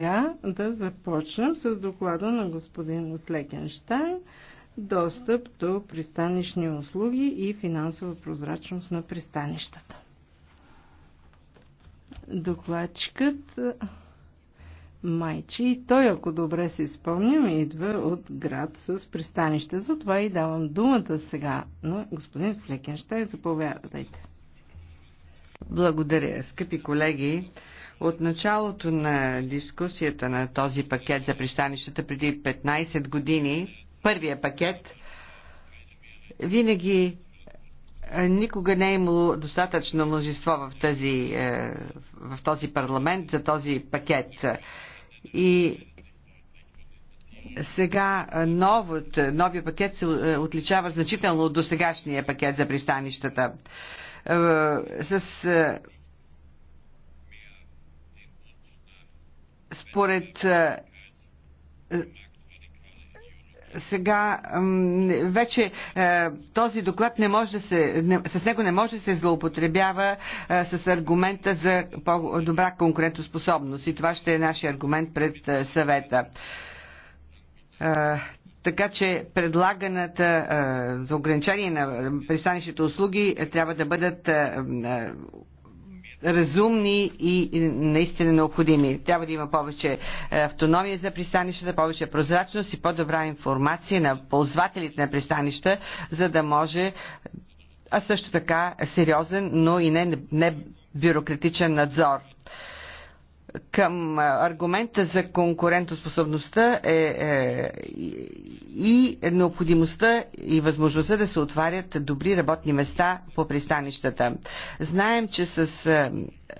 Сега да започнем с доклада на господин Флекенштайн достъп до пристанищни услуги и финансова прозрачност на пристанищата. Докладчикът Майчи и той, ако добре се спомням, идва от град с пристанище. Затова и давам думата сега на господин Флекенштайн. Заповядайте. Благодаря, скъпи колеги. От началото на дискусията на този пакет за пристанищата преди 15 години, първия пакет, винаги е, никога не е имало достатъчно множество в, тази, е, в този парламент за този пакет. И сега е, новът, новия пакет се отличава значително от досегашния пакет за пристанищата. С Според е, е, сега вече е, този доклад не може да се, с него не може да се злоупотребява с аргумента за по-добра конкурентоспособност и това ще е нашия аргумент пред съвета. Така че предлаганата за ограничение на пристанищите услуги трябва да бъдат разумни и наистина необходими. Трябва да има повече е, автономия за пристанищата, повече прозрачност и по-добра информация на ползвателите на пристанища, за да може а също така сериозен, но и не, не бюрократичен надзор към аргумента за конкурентоспособността е, е, и необходимостта и възможността да се отварят добри работни места по пристанищата. Знаем, че с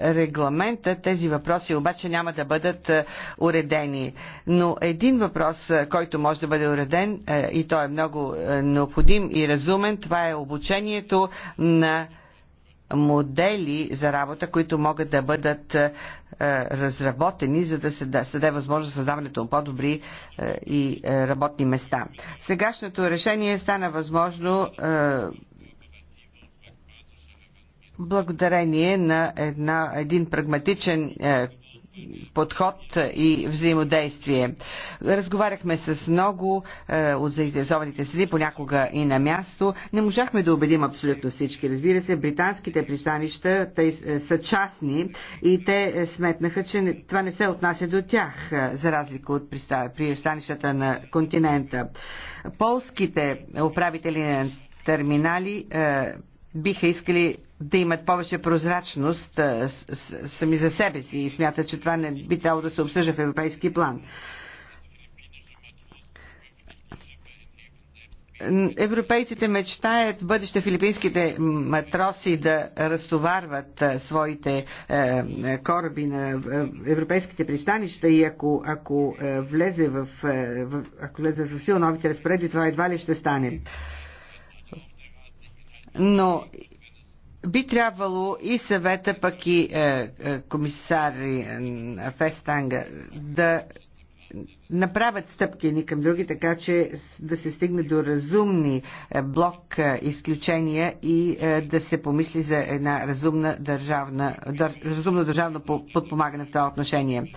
регламента тези въпроси обаче няма да бъдат уредени. Но един въпрос, който може да бъде уреден е, и той е много е, необходим и разумен, това е обучението на модели за работа, които могат да бъдат е, разработени, за да се даде възможност създаването на по-добри е, и е, работни места. Сегашното решение стана възможно благодарение на една, един прагматичен подход и взаимодействие. Разговаряхме с много е, от заинтересованите среди, понякога и на място. Не можахме да убедим абсолютно всички. Разбира се, британските пристанища тъй, е, са частни и те е, сметнаха, че не, това не се отнася до тях, е, за разлика от пристанищата на континента. Полските управители на терминали е, биха искали да имат повече прозрачност сами за себе си и смятат, че това не би трябвало да се обсъжда в европейски план. Европейците мечтаят бъдеще филипинските матроси да разтоварват своите е, е, кораби на е, европейските пристанища и ако, ако влезе в, ако влезе в сила новите разпоредби, това едва ли ще стане но би трябвало и съвета, пък и е, е, комисар е, Фестанга да направят стъпки ни към други, така че да се стигне до разумни е, блок е, изключения и е, да се помисли за една разумна държавна, разумно държавно подпомагане в това отношение.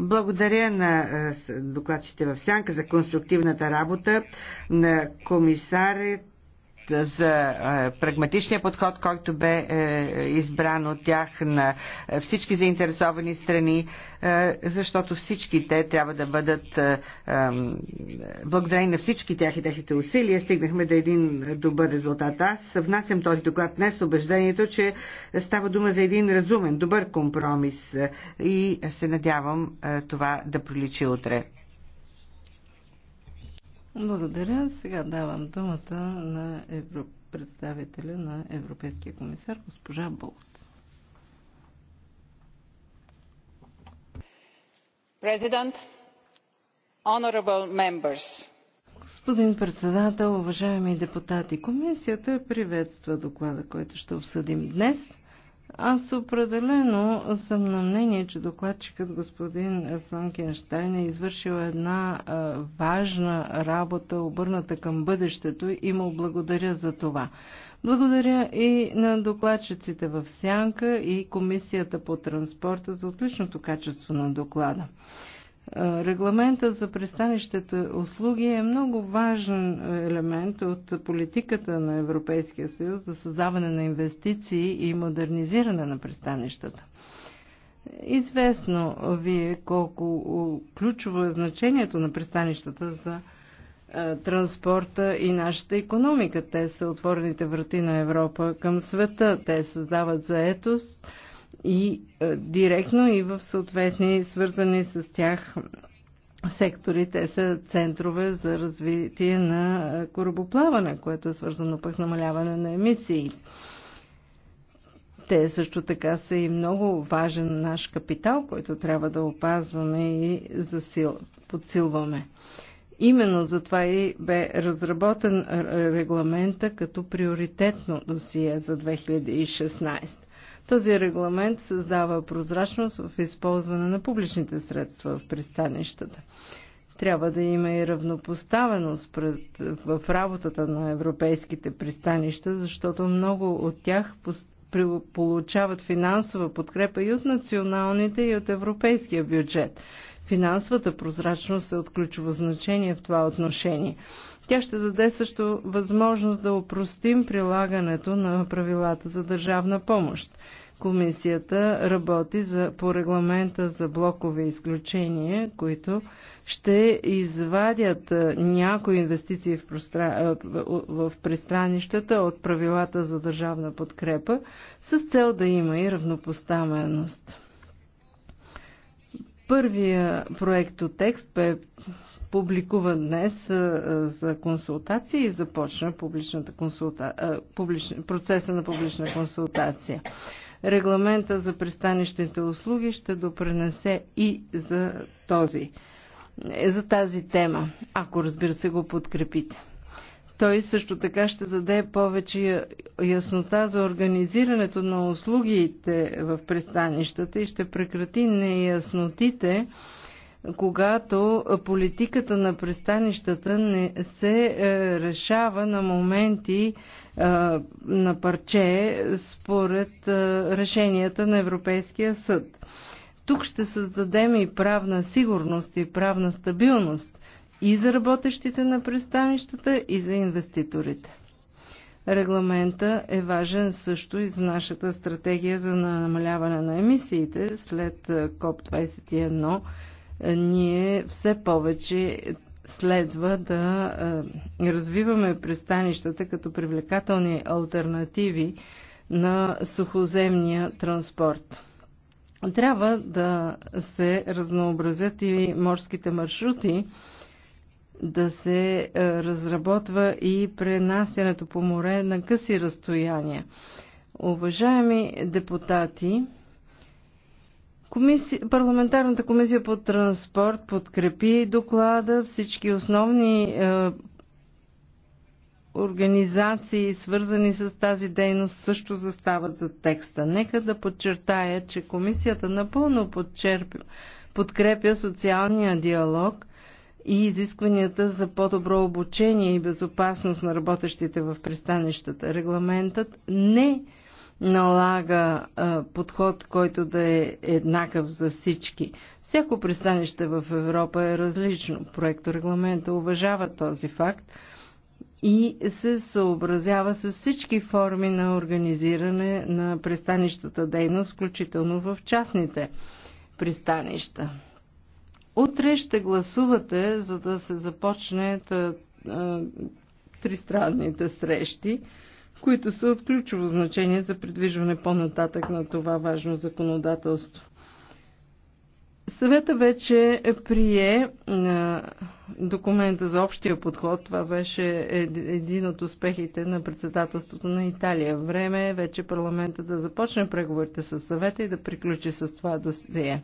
Благодаря на докладчите в Сянка за конструктивната работа на комисарите за е, прагматичния подход, който бе е, избран от тях на е, всички заинтересовани страни, защото всички те трябва да бъдат благодарени на всички тях и техните усилия стигнахме до да един добър резултат. Аз внасям този доклад днес с убеждението, че става дума за един разумен, добър компромис и се надявам това да проличи утре. Благодаря. Сега давам думата на Евро... представителя на Европейския комисар, госпожа Болт. Президент, honorable members, Господин председател, уважаеми депутати, комисията приветства доклада, който ще обсъдим днес. Аз определено съм на мнение, че докладчикът господин Франкенштайн е извършил една а, важна работа, обърната към бъдещето и му благодаря за това. Благодаря и на докладчиците в Сянка и Комисията по транспорта за отличното качество на доклада. Регламентът за пристанищата услуги е много важен елемент от политиката на Европейския съюз за създаване на инвестиции и модернизиране на пристанищата. Известно вие колко ключово е значението на пристанищата за транспорта и нашата економика. Те са отворените врати на Европа към света. Те създават заетост, и е, директно и в съответни свързани с тях сектори. Те са центрове за развитие на е, корабоплаване, което е свързано пък с намаляване на емисии. Те също така са и много важен наш капитал, който трябва да опазваме и засил, подсилваме. Именно за това и бе разработен е, регламента като приоритетно досие за 2016. Този регламент създава прозрачност в използване на публичните средства в пристанищата. Трябва да има и равнопоставеност пред, в работата на европейските пристанища, защото много от тях получават финансова подкрепа и от националните, и от европейския бюджет. Финансовата прозрачност е от ключово значение в това отношение. Тя ще даде също възможност да опростим прилагането на правилата за държавна помощ. Комисията работи за, по регламента за блокове изключения, които ще извадят някои инвестиции в, простра... в пристранищата от правилата за държавна подкрепа с цел да има и равнопоставеност. Първия текст бе публикува днес за консултация и започна публичната консулта... публич... процеса на публична консултация. Регламента за пристанищните услуги ще допренесе и за този, е, за тази тема, ако разбира се го подкрепите. Той също така ще даде повече яснота за организирането на услугите в пристанищата и ще прекрати неяснотите, когато политиката на пристанищата не се е, решава на моменти е, на парче според е, решенията на Европейския съд. Тук ще създадем и правна сигурност и правна стабилност и за работещите на пристанищата, и за инвеститорите. Регламента е важен също и за нашата стратегия за намаляване на емисиите след КОП 21 ние все повече следва да е, развиваме пристанищата като привлекателни альтернативи на сухоземния транспорт. Трябва да се разнообразят и морските маршрути, да се е, разработва и пренасянето по море на къси разстояния. Уважаеми депутати, Комиси... Парламентарната комисия по транспорт подкрепи доклада. Всички основни е, организации, свързани с тази дейност, също застават за текста. Нека да подчертая, че комисията напълно подчерп... подкрепя социалния диалог и изискванията за по-добро обучение и безопасност на работещите в пристанищата. Регламентът не налага подход, който да е еднакъв за всички. Всяко пристанище в Европа е различно. Проекто регламента уважава този факт и се съобразява с всички форми на организиране на пристанищата дейност, включително в частните пристанища. Утре ще гласувате, за да се започне тристранните срещи които са от ключово значение за придвижване по-нататък на това важно законодателство. Съвета вече прие документа за общия подход. Това беше един от успехите на председателството на Италия. Време е вече парламента да започне преговорите с съвета и да приключи с това досие.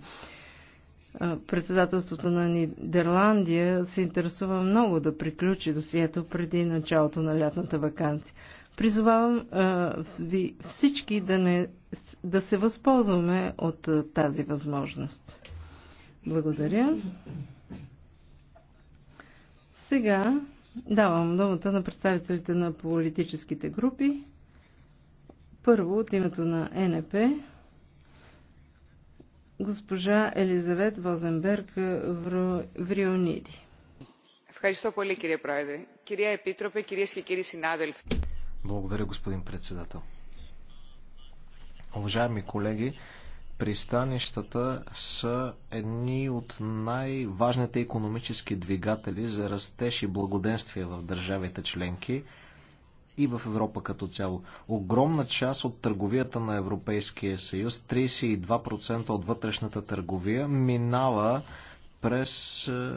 Председателството на Нидерландия се интересува много да приключи досието преди началото на лятната вакансия. Призовавам ви всички да, не, да се възползваме от тази възможност. Благодаря. Сега давам думата на представителите на политическите групи. Първо от името на НП госпожа Елизавет Возенберг Вриониди. Ευχαριστώ πολύ κύριε Πρόεδρε. Κυρία Επίτροπε, κυρίες και κύριοι συνάδελφοι. Благодаря, господин председател. Уважаеми колеги, пристанищата са едни от най-важните економически двигатели за растеж и благоденствие в държавите членки и в Европа като цяло. Огромна част от търговията на Европейския съюз, 32% от вътрешната търговия, минава през е,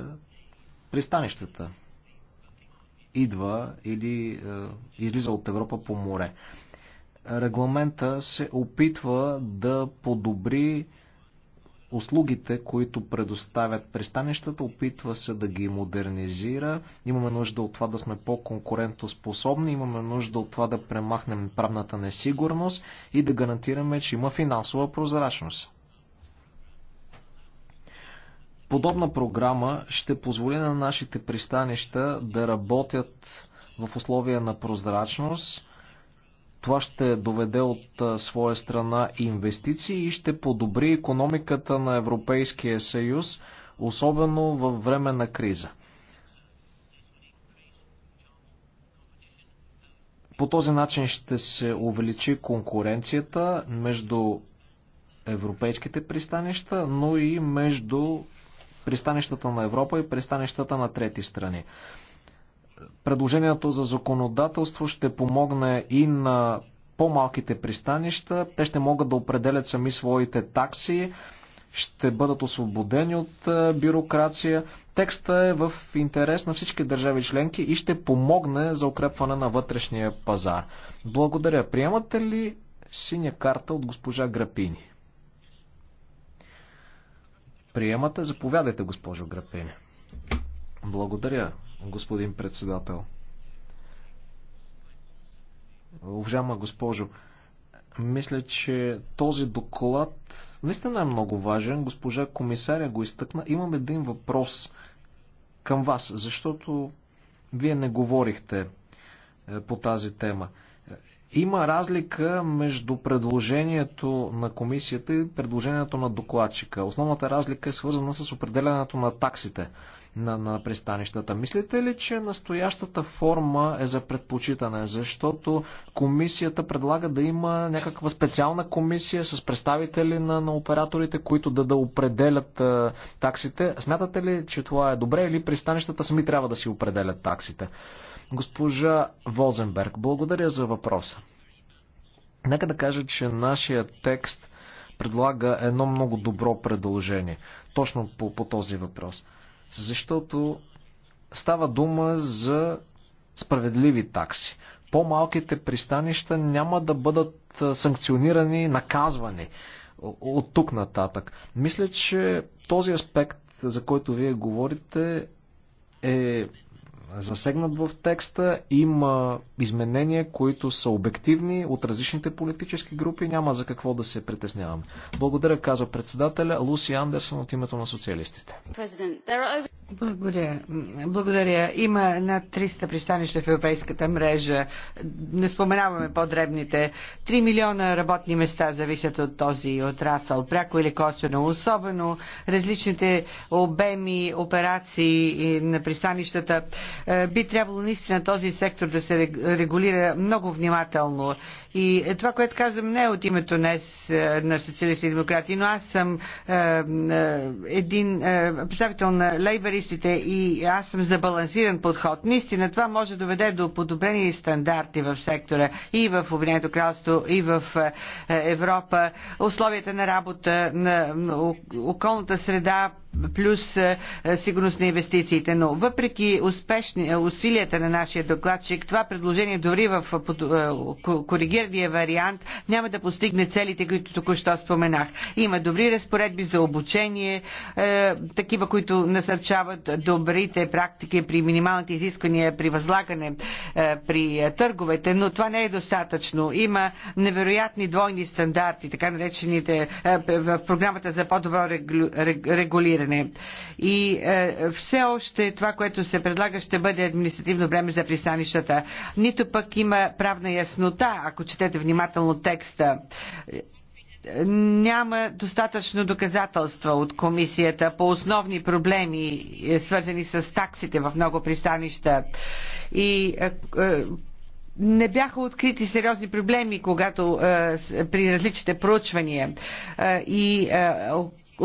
пристанищата, идва или е, излиза от Европа по море. Регламента се опитва да подобри услугите, които предоставят пристанищата, опитва се да ги модернизира. Имаме нужда от това да сме по-конкурентоспособни, имаме нужда от това да премахнем правната несигурност и да гарантираме, че има финансова прозрачност. Подобна програма ще позволи на нашите пристанища да работят в условия на прозрачност. Това ще доведе от своя страна инвестиции и ще подобри економиката на Европейския съюз, особено във време на криза. По този начин ще се увеличи конкуренцията между европейските пристанища, но и между пристанищата на Европа и пристанищата на трети страни. Предложението за законодателство ще помогне и на по-малките пристанища. Те ще могат да определят сами своите такси, ще бъдат освободени от е, бюрокрация. Текста е в интерес на всички държави членки и ще помогне за укрепване на вътрешния пазар. Благодаря. Приемате ли синя карта от госпожа Грапини? Приемате? Заповядайте, госпожо Грапин. Благодаря, господин председател. Уважаема госпожо, мисля, че този доклад наистина е много важен. Госпожа комисаря го изтъкна. Имам един въпрос към вас, защото вие не говорихте е, по тази тема. Има разлика между предложението на комисията и предложението на докладчика. Основната разлика е свързана с определенето на таксите на, на пристанищата. Мислите ли, че настоящата форма е за предпочитане? Защото комисията предлага да има някаква специална комисия с представители на, на операторите, които да, да определят а, е, таксите. Смятате ли, че това е добре или пристанищата сами трябва да си определят таксите? Госпожа Возенберг, благодаря за въпроса. Нека да кажа, че нашия текст предлага едно много добро предложение. Точно по, по този въпрос. Защото става дума за справедливи такси. По-малките пристанища няма да бъдат санкционирани, наказвани от тук нататък. Мисля, че този аспект, за който вие говорите, е засегнат в текста. Има изменения, които са обективни от различните политически групи. Няма за какво да се притеснявам. Благодаря, каза председателя Луси Андерсон от името на социалистите. Благодаря. Благодаря. Има над 300 пристанища в европейската мрежа. Не споменаваме по-дребните. 3 милиона работни места зависят от този отрасъл, пряко или косвено. Особено различните обеми операции на пристанищата е, би трябвало наистина този сектор да се регулира много внимателно. И е, това, което казвам не е от името днес е, на социалисти и демократи, но аз съм един представител на лейбаристите и аз съм за балансиран подход. Наистина това може да доведе до подобрени стандарти в сектора и в Обединеното кралство, и в Европа. Условията на работа, на околната среда, плюс сигурност на инвестициите. Но въпреки успешно успешни, е усилията на нашия докладчик, това предложение дори в е, е, коригирания вариант няма да постигне целите, които току-що споменах. Има добри разпоредби за обучение, такива, които насърчават добрите практики при минималните изисквания при възлагане при търговете, но това не е достатъчно. Има невероятни двойни стандарти, така наречените в програмата за по-добро регулиране. И все още това, което се предлага, ще ще бъде административно време за пристанищата. Нито пък има правна яснота, ако четете внимателно текста няма достатъчно доказателства от комисията по основни проблеми, е, свързани с таксите в много пристанища. И е, е, не бяха открити сериозни проблеми, когато при различните проучвания и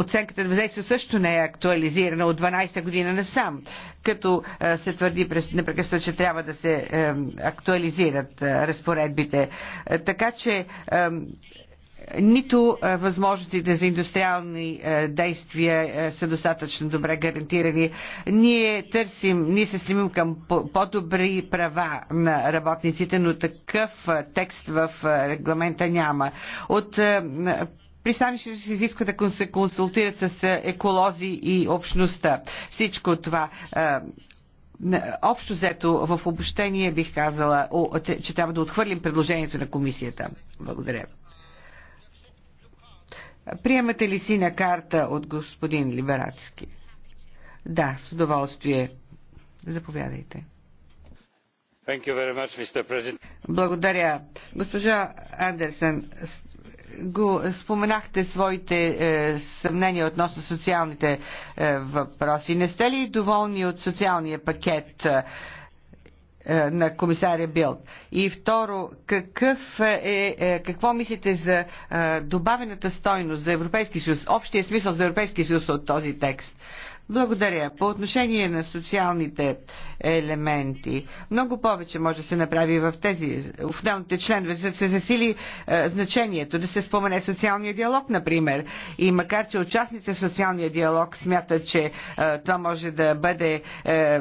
оценката на въздействие също не е актуализирана от 12-та година насам, като се твърди през непрекъснато, че трябва да се актуализират разпоредбите. Така че нито възможностите за индустриални действия са достатъчно добре гарантирани. Ние търсим, ние се стремим към по-добри права на работниците, но такъв текст в регламента няма. От Пристанище ще се изисква да се консултират с еколози и общността. Всичко това общо взето в обобщение бих казала, че трябва да отхвърлим предложението на комисията. Благодаря. Приемате ли си на карта от господин Либерацки? Да, с удоволствие. Заповядайте. Much, Благодаря. Госпожа Андерсън, го е, споменахте своите е, съмнения относно социалните е, въпроси. Не сте ли доволни от социалния пакет е, е на комисаря Билд? И второ, какъв е, е, какво мислите за е, добавената стойност за Европейски съюз, общия смисъл за Европейски съюз от този текст? Е, благодаря. По отношение на социалните елементи, много повече може да се направи в тези основните членове, за да се засили е, значението, да се спомене социалния диалог, например. И макар, че участниците в социалния диалог смятат, че е, това може да бъде е, е,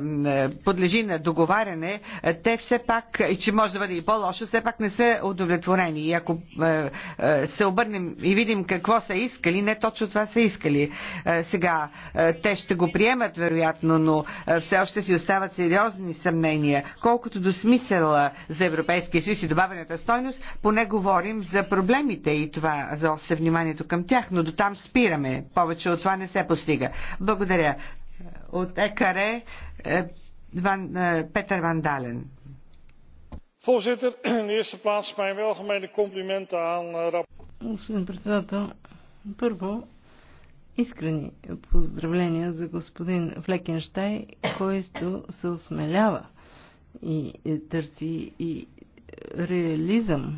подлежи на договаряне, е, те все пак, и че може да бъде и по-лошо, все пак не са удовлетворени. И ако е, е, се обърнем и видим какво са искали, не точно това са искали. Е, сега, е, те ще го приемат вероятно, но все още си остават сериозни съмнения. Колкото до смисъла за Европейския съюз и добавената стойност, поне говорим за проблемите и това заостря вниманието към тях, но до там спираме. Повече от това не се постига. Благодаря. От ЕКАРЕ е, Ван, е, Петър Вандален. Voorzitter, in de eerste plaats mijn welgemeende complimenten aan eh, Господин председател, първо искрени поздравления за господин Флекенштай, който се осмелява и е, търси и е, реализъм.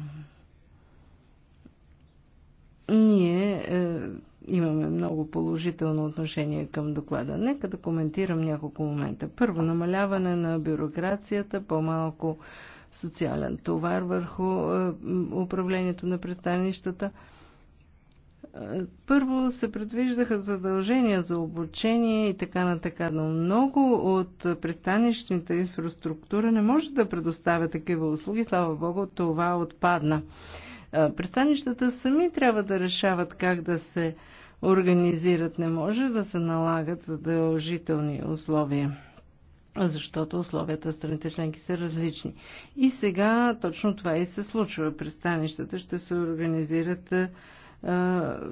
Ние е, имаме много положително отношение към доклада. Нека да коментирам няколко момента. Първо, намаляване на бюрокрацията, по-малко социален товар върху е, управлението на пристанищата. Е, първо се предвиждаха задължения за обучение и така на така, но много от пристанищните инфраструктура не може да предоставя такива услуги. Слава Богу, това отпадна. Пристанищата сами трябва да решават как да се организират. Не може да се налагат задължителни условия защото условията в страните членки са различни. И сега точно това и се случва. Пристанищата ще се организират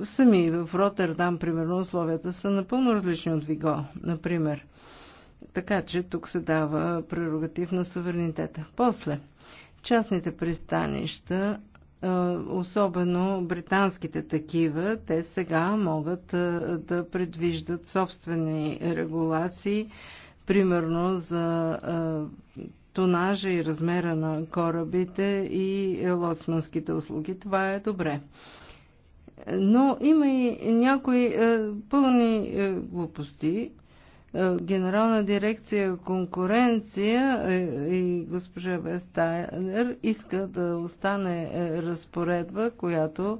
сами в Роттердам, примерно, условията са напълно различни от Виго, например. Така че тук се дава прерогатив на суверенитета. После, частните пристанища, особено британските такива, те сега могат да предвиждат собствени регулации, примерно за тонажа и размера на корабите и лоцманските услуги. Това е добре. Но има и някои е, пълни е, глупости. Е, Генерална дирекция конкуренция и госпожа Вестайер иска да остане разпоредба, която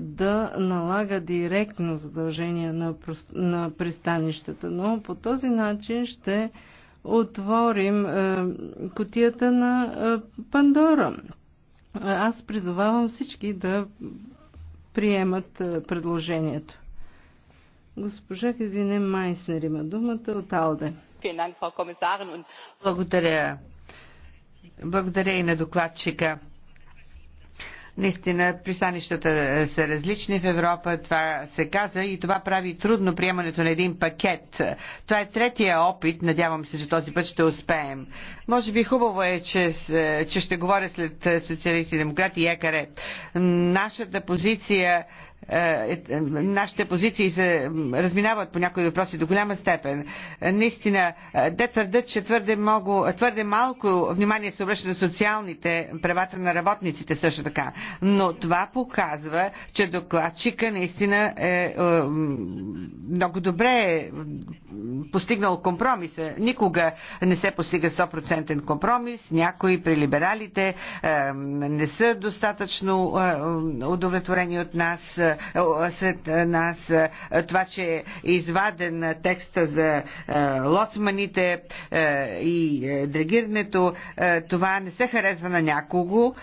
да налага директно задължение на, на пристанищата. Но по този начин ще отворим котията на Пандора. Аз призовавам всички да приемат предложението. Госпожа Хезине Майснер има думата от Алде. Благодаря. Благодаря и на докладчика. Наистина, пристанищата е, са различни в Европа, това се каза и това прави трудно приемането на един пакет. Това е третия опит, надявам се, че този път ще успеем. Може би хубаво е, че, е, че ще говоря след е, социалисти демократи и екаре. Нашата позиция е, е, е, нашите позиции се разминават по някои въпроси до голяма степен. Наистина, де твърдят, че твърде, много, твърде малко внимание се обръща на социалните правата на работниците също така. Но това показва, че докладчика наистина е, е много добре е постигнал компромиса. Никога не се постига 100% компромис. Някои при либералите е, не са достатъчно е, удовлетворени от нас. Е, сред нас това, че е изваден текста за е, лоцманите е, и е, дрегирането. Това не се харесва на някого,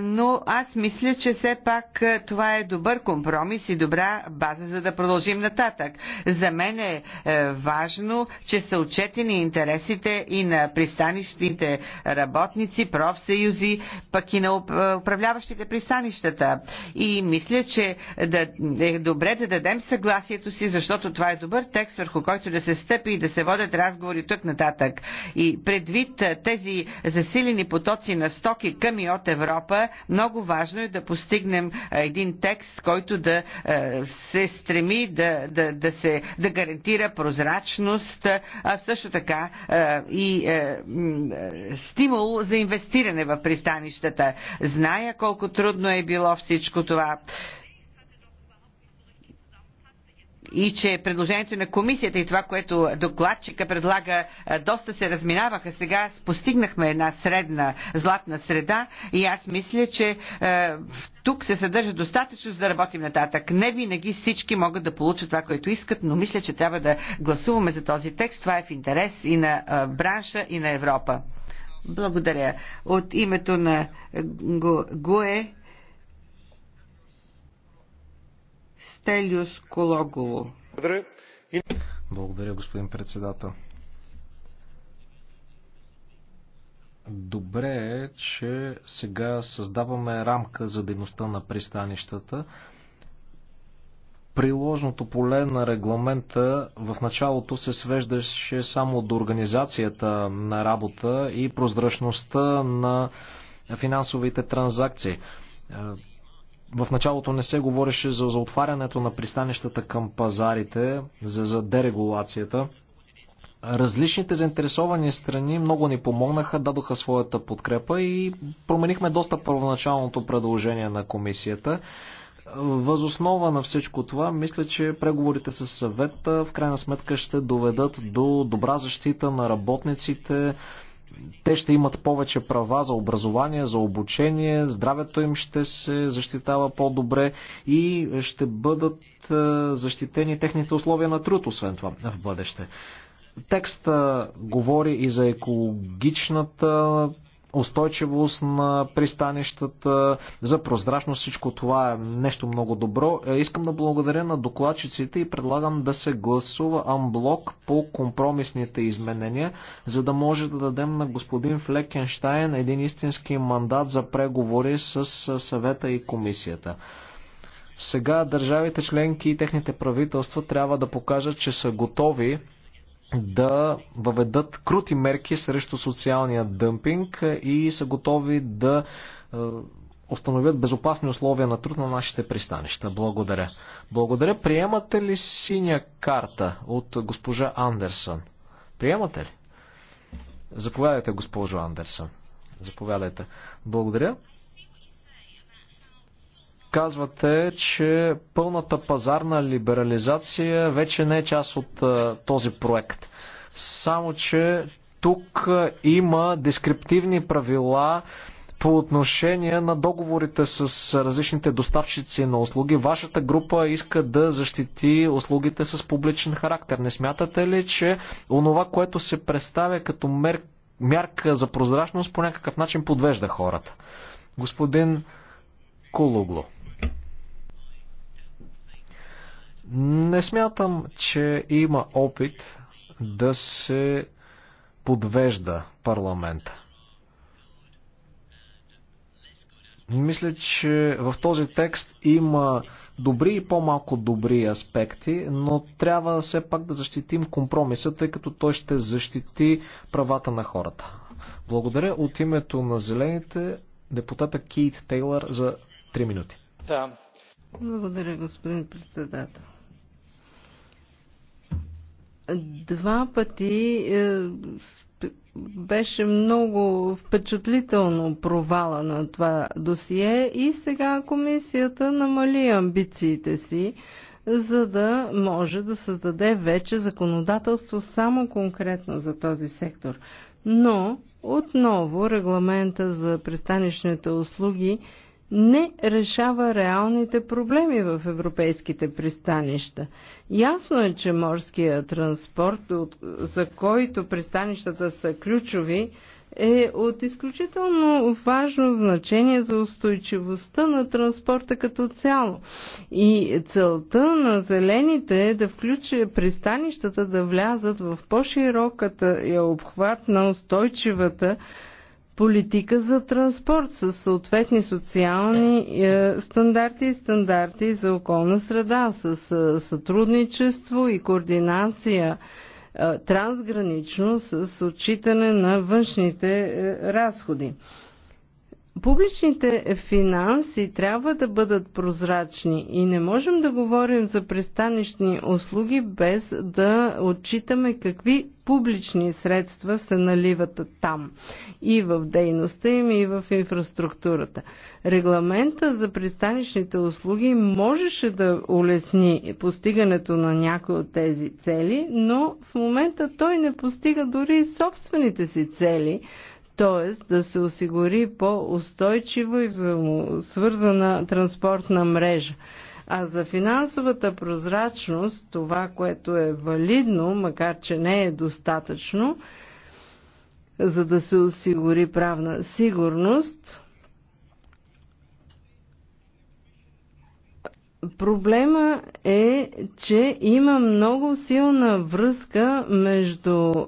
но аз мисля, че все пак това е добър компромис и добра база, за да продължим нататък. За мен е важно, че са отчетени интересите и на пристанищните работници, профсъюзи, пък и на управляващите пристанищата. И мисля, че да, е добре да дадем съгласието си, защото това е добър текст, върху който да се стъпи и да се водят разговори тук нататък. И предвид тези засилени потоци на стоки към и от Европа, много важно е да постигнем един текст, който да се стреми да, да, да, се, да гарантира прозрачност, а също така и стимул за инвестиране в пристанищата. Зная колко трудно е било всичко това и че предложението на комисията и това, което докладчика предлага, доста се разминаваха. Сега постигнахме една средна, златна среда и аз мисля, че е, тук се съдържа достатъчно за да работим нататък. Не винаги всички могат да получат това, което искат, но мисля, че трябва да гласуваме за този текст. Това е в интерес и на е, бранша, и на Европа. Благодаря. От името на ГУЕ Стелиус Кологово. Благодаря. господин председател. Добре е, че сега създаваме рамка за дейността на пристанищата. Приложното поле на регламента в началото се свеждаше само до организацията на работа и прозрачността на финансовите транзакции в началото не се говореше за, за отварянето на пристанищата към пазарите, за, за дерегулацията. Различните заинтересовани страни много ни помогнаха, дадоха своята подкрепа и променихме доста първоначалното предложение на комисията. Възоснова на всичко това, мисля, че преговорите с съвета в крайна сметка ще доведат до добра защита на работниците, те ще имат повече права за образование, за обучение, здравето им ще се защитава по-добре и ще бъдат е, защитени техните условия на труд, освен това, в бъдеще. Текста говори и за екологичната устойчивост на пристанищата, за прозрачност. Всичко това е нещо много добро. Е, искам да благодаря на докладчиците и предлагам да се гласува амблок по компромисните изменения, за да може да дадем на господин Флекенштайн един истински мандат за преговори с съвета и комисията. Сега държавите членки и техните правителства трябва да покажат, че са готови да въведат крути мерки срещу социалния дъмпинг и са готови да е, установят безопасни условия на труд на нашите пристанища. Благодаря. Благодаря. Приемате ли синя карта от госпожа Андерсън? Приемате ли? Заповядайте, госпожо Андерсън. Заповядайте. Благодаря казвате, че пълната пазарна либерализация вече не е част от този проект. Само, че тук има дескриптивни правила по отношение на договорите с различните доставчици на услуги. Вашата група иска да защити услугите с публичен характер. Не смятате ли, че онова, което се представя като мер... мярка за прозрачност, по някакъв начин подвежда хората? Господин Кулугло. Не смятам, че има опит да се подвежда парламента. Мисля, че в този текст има добри и по-малко добри аспекти, но трябва все пак да защитим компромиса, тъй като той ще защити правата на хората. Благодаря от името на зелените депутата Кейт Тейлър за 3 минути. Да. Благодаря, господин председател. Два пъти е, беше много впечатлително провала на това досие и сега комисията намали амбициите си, за да може да създаде вече законодателство само конкретно за този сектор. Но отново регламента за пристанищните услуги не решава реалните проблеми в европейските пристанища. Ясно е, че морския транспорт, за който пристанищата са ключови, е от изключително важно значение за устойчивостта на транспорта като цяло. И целта на зелените е да включи пристанищата да влязат в по-широката обхват на устойчивата политика за транспорт с съответни социални е, стандарти и стандарти за околна среда, с е, сътрудничество и координация е, трансгранично с отчитане на външните разходи. Публичните финанси трябва да бъдат прозрачни и не можем да говорим за пристанищни услуги без да отчитаме какви публични средства се наливат там и в дейността им, и в инфраструктурата. Регламента за пристанищните услуги можеше да улесни постигането на някои от тези цели, но в момента той не постига дори собствените си цели – т.е. да се осигури по-устойчива и свързана транспортна мрежа. А за финансовата прозрачност, това, което е валидно, макар че не е достатъчно, за да се осигури правна сигурност, Проблема е, че има много силна връзка между е,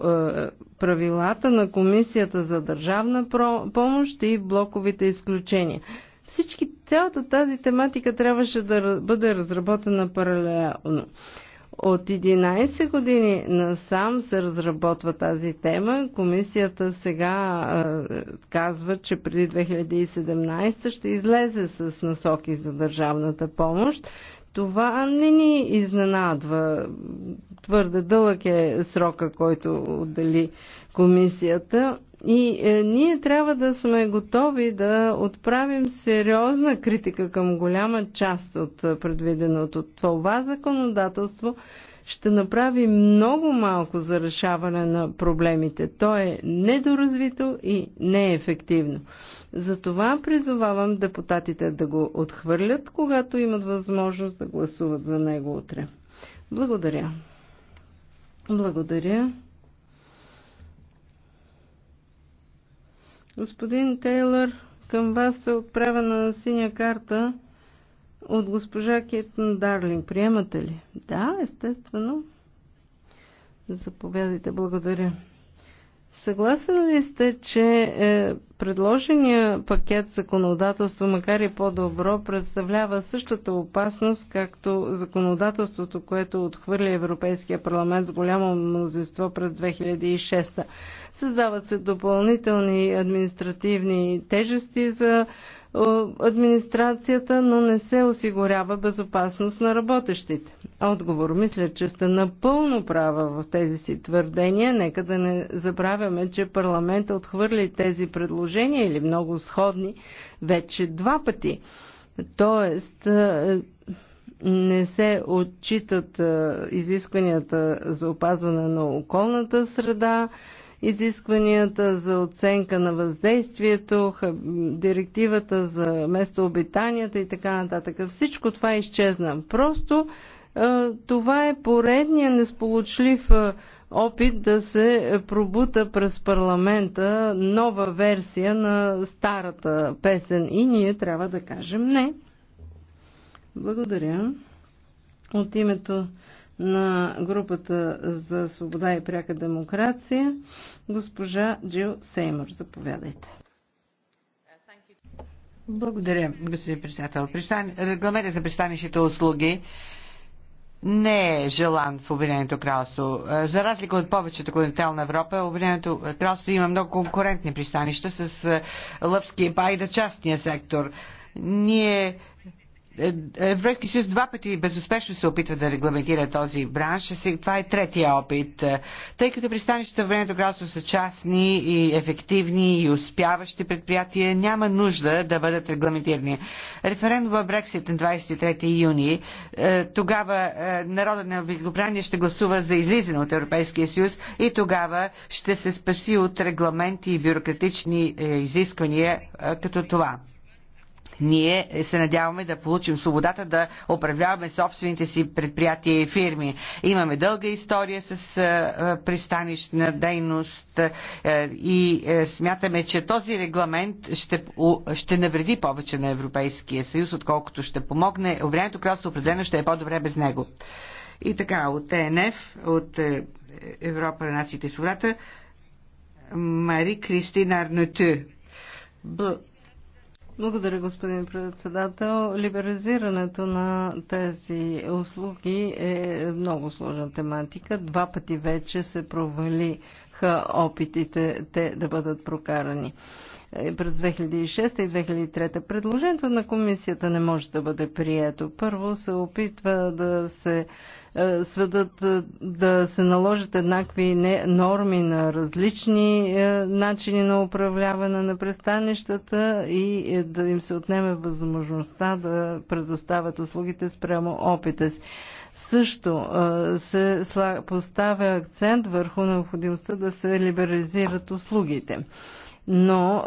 правилата на Комисията за държавна помощ и блоковите изключения. Всички, цялата тази тематика трябваше да бъде разработена паралелно. От 11 години насам се разработва тази тема. Комисията сега е, казва, че преди 2017 ще излезе с насоки за държавната помощ. Това не ни изненадва. Твърде дълъг е срока, който отдели комисията. И е, ние трябва да сме готови да отправим сериозна критика към голяма част от е, предвиденото това законодателство, ще направи много малко за решаване на проблемите. То е недоразвито и неефективно. Затова призовавам депутатите да го отхвърлят, когато имат възможност да гласуват за него утре. Благодаря. Благодаря. Господин Тейлър, към вас се отправя на синя карта от госпожа Киртън Дарлинг. Приемате ли? Да, естествено. Заповядайте. Благодаря. Съгласен ли сте, че е, предложения пакет законодателство, макар и по-добро, представлява същата опасност, както законодателството, което отхвърли Европейския парламент с голямо мнозинство през 2006 Създават се допълнителни административни тежести за е, администрацията, но не се осигурява безопасност на работещите. Отговор. Мисля, че сте напълно права в тези си твърдения. Нека да не забравяме, че парламента отхвърли тези предложения или много сходни вече два пъти. Тоест, е, не се отчитат е, изискванията за опазване на околната среда, изискванията за оценка на въздействието, директивата за местообитанията и така нататък. Всичко това изчезна. Просто това е поредния несполучлив опит да се пробута през парламента нова версия на старата песен и ние трябва да кажем не. Благодаря. От името на групата за свобода и пряка демокрация, госпожа Джил Сеймър. Заповядайте. Благодаря, господин председател. Пристан... за пристанищите услуги не е желан в Обединеното кралство. За разлика от повечето континентална Европа, Обединеното кралство има много конкурентни пристанища с е, лъвския бай да частния сектор. Ние е, е, Европейския съюз два пъти безуспешно се опитва да регламентира този бранш. Е, това е третия опит. Тъй като пристанищата в Времето градство са частни и ефективни и успяващи предприятия, няма нужда да бъдат регламентирани. Референдум в Брексит на 23 юни. Тогава народът на Великобритания ще гласува за излизане от Европейския съюз и тогава ще се спаси от регламенти и бюрократични изисквания като това. Ние се надяваме да получим свободата да управляваме собствените си предприятия и фирми. Имаме дълга история с е, е, пристанищна дейност е, и смятаме, че този регламент ще, ще навреди повече на Европейския съюз, отколкото ще помогне. Обрянето кралство определено ще е по-добре без него. И така, от ТНФ, от Европа на нациите и свободата, Мари Кристина Арнотю. Благодаря, господин председател. Либерализирането на тези услуги е много сложна тематика. Два пъти вече се провалиха опитите те да бъдат прокарани е, през 2006 и 2003. Предложението на комисията не може да бъде прието. Първо се опитва да се е, сведат е, да се наложат еднакви норми на различни е, начини на управляване на пристанищата и да им се отнеме възможността да предоставят услугите спрямо опита си. Също се поставя акцент върху необходимостта да се либерализират услугите но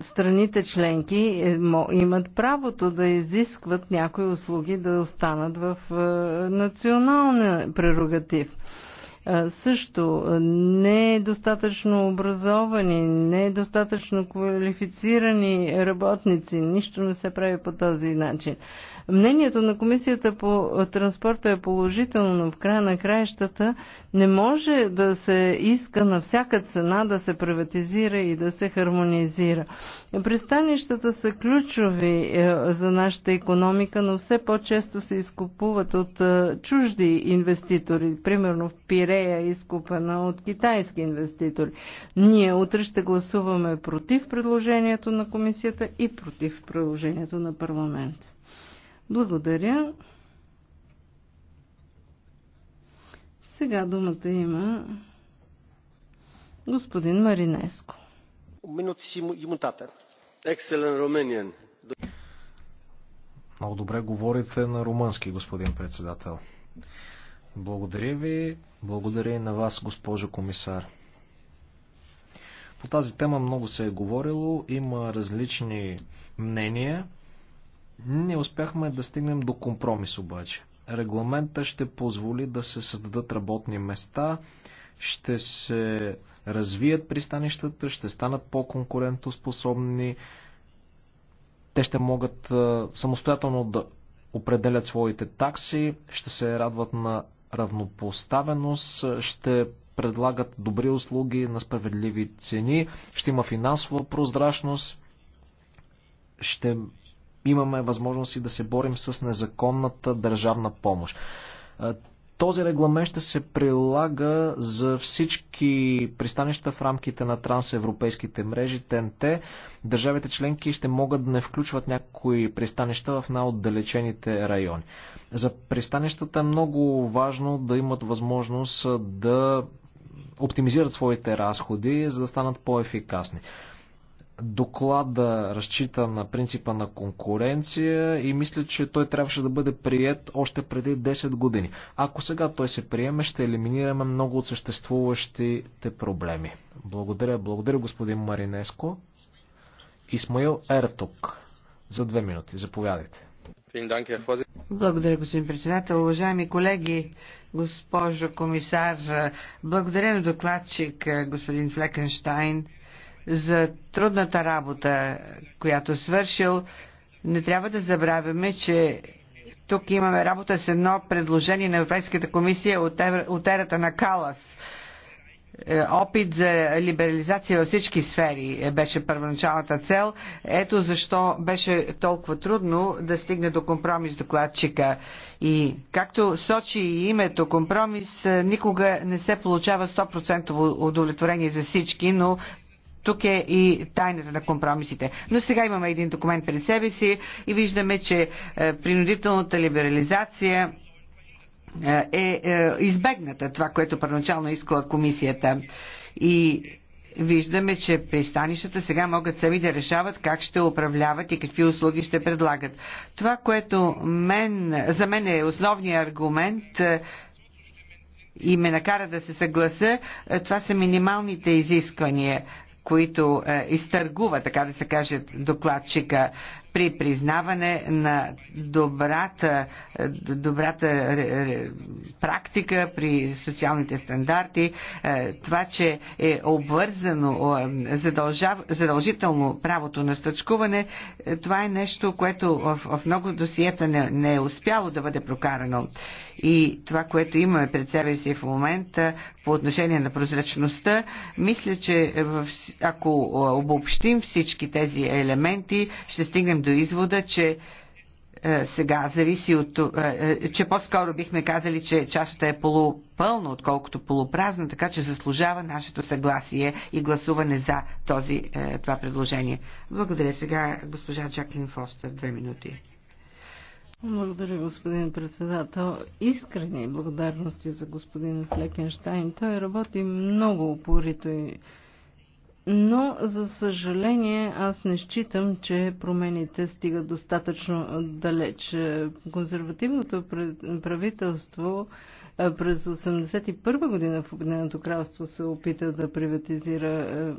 страните членки е, имат правото да изискват някои услуги да останат в националния прерогатив също не е достатъчно образовани, не е достатъчно квалифицирани работници. Нищо не се прави по този начин. Мнението на комисията по транспорта е положително, но в края на краищата не може да се иска на всяка цена да се приватизира и да се хармонизира. Пристанищата са ключови е, за нашата економика, но все по-често се изкупуват от е, чужди инвеститори. Примерно в Пирея е изкупена от китайски инвеститори. Ние утре ще гласуваме против предложението на комисията и против предложението на парламента. Благодаря. Сега думата има господин Маринеско. Минути си имунтата. Екселен Руменен. Много добре говорите на румънски, господин председател. Благодаря ви. Благодаря и на вас, госпожо комисар. По тази тема много се е говорило. Има различни мнения. Не успяхме да стигнем до компромис обаче. Регламента ще позволи да се създадат работни места, ще се развият пристанищата, ще станат по-конкурентоспособни, те ще могат самостоятелно да определят своите такси, ще се радват на равнопоставеност, ще предлагат добри услуги на справедливи цени, ще има финансова прозрачност, ще имаме възможности да се борим с незаконната държавна помощ. Е, този регламент ще се прилага за всички пристанища в рамките на трансевропейските мрежи ТНТ. Държавите членки ще могат да не включват някои пристанища в най-отдалечените райони. За пристанищата е много важно да имат възможност да оптимизират своите разходи, за да станат по-ефикасни доклада разчита на принципа на конкуренция и мисля, че той трябваше да бъде прият още преди 10 години. Ако сега той се приеме, ще елиминираме много от съществуващите проблеми. Благодаря, благодаря господин Маринеско. Исмаил Ертук за две минути. Заповядайте. Благодаря, господин председател. Уважаеми колеги, госпожо комисар, благодаря на докладчик господин Флекенштайн за трудната работа, която свършил. Не трябва да забравяме, че тук имаме работа с едно предложение на Европейската комисия от ерата на Калас. Е, опит за либерализация във всички сфери е, беше първоначалната цел. Ето защо беше толкова трудно да стигне до компромис докладчика. И както сочи и името компромис, е, никога не се получава 100% удовлетворение за всички, но тук е и тайната на компромисите. Но сега имаме един документ пред себе си и виждаме, че е, принудителната либерализация е, е, е избегната това, което първоначално искала комисията. И виждаме, че пристанищата сега могат сами да решават как ще управляват и какви услуги ще предлагат. Това, което мен, за мен е основният аргумент и ме накара да се съгласа, това са минималните изисквания които е, изтъргува, така да се каже, докладчика при признаване на добрата, добрата практика при социалните стандарти, е, това, че е обвързано е, задължав, задължително правото на стъчкуване, е, това е нещо, което в, в много досиета не, не е успяло да бъде прокарано. И това, което имаме пред себе си в момента по отношение на прозрачността, мисля, че в, ако обобщим всички тези елементи, ще стигнем до до извода, че е, сега зависи от... Е, е, че по-скоро бихме казали, че чашата е полупълна, отколкото полупразна, така че заслужава нашето съгласие и гласуване за този, това предложение. Благодаря сега госпожа Джаклин Фостер. Две минути. Благодаря, господин председател. Искрени благодарности за господин Флекенштайн. Той работи много упорито и но, за съжаление, аз не считам, че промените стигат достатъчно далеч. Е, консервативното правителство е, през 1981 година в Обединеното кралство се опита да приватизира,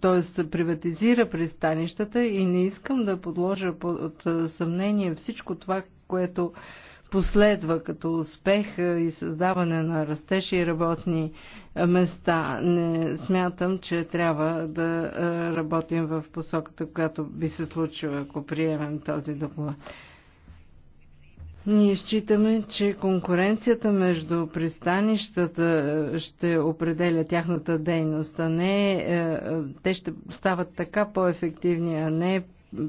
т.е. Е, приватизира пристанищата и не искам да подложа под съмнение всичко това, което последва като успех е, и създаване на растеж и работни е, места. Не смятам, че трябва да е, работим в посоката, която би се случила, ако приемем този доклад. Ние считаме, че конкуренцията между пристанищата ще определя тяхната дейност, а не те ще стават така по-ефективни, а не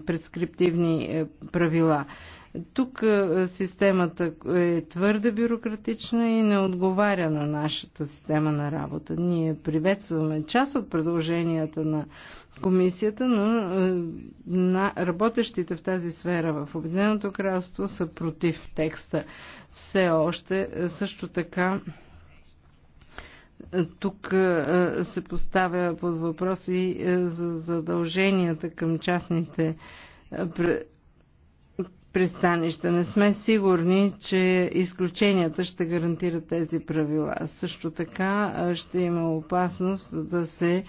прескриптивни правила. Тук е, системата е твърде бюрократична и не отговаря на нашата система на работа. Ние приветстваме част от предложенията на комисията, но е, на работещите в тази сфера в Обединеното кралство са против текста. Все още е, също така тук се поставя под въпрос и за задълженията към частните пристанища. Не сме сигурни, че изключенията ще гарантират тези правила. Също така ще има опасност да се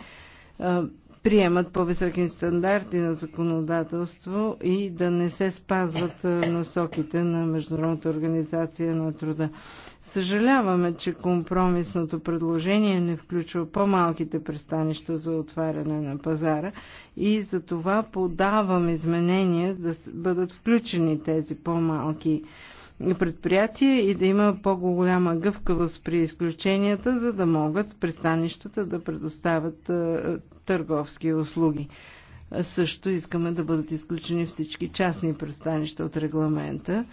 приемат по-високи стандарти на законодателство и да не се спазват насоките на Международната организация на труда. Съжаляваме, че компромисното предложение не включва по-малките пристанища за отваряне на пазара и за това подавам изменения да бъдат включени тези по-малки пристанища предприятия и да има по-голяма гъвкавост при изключенията, за да могат пристанищата да предоставят търговски услуги. Също искаме да бъдат изключени всички частни пристанища от регламента.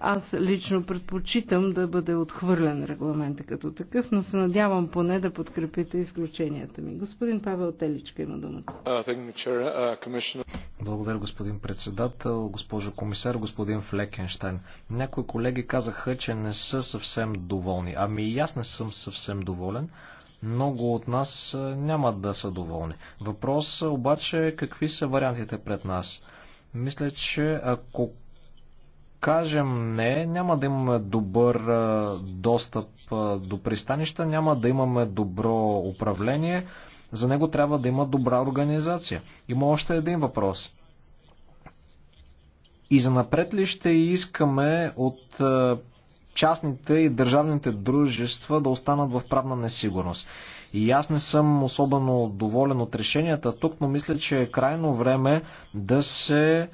Аз лично предпочитам да бъде отхвърлен регламента като такъв, но се надявам поне да подкрепите изключенията ми. Господин Павел Теличка има думата. Uh, uh, Благодаря, господин председател, госпожо комисар, господин Флекенштайн. Някои колеги казаха, че не са съвсем доволни. Ами и аз не съм съвсем доволен много от нас няма да са доволни. Въпрос обаче какви са вариантите пред нас? Мисля, че ако кажем не, няма да имаме добър достъп до пристанища, няма да имаме добро управление, за него трябва да има добра организация. Има още един въпрос. И за напред ли ще искаме от частните и държавните дружества да останат в правна несигурност? И аз не съм особено доволен от решенията тук, но мисля, че е крайно време да се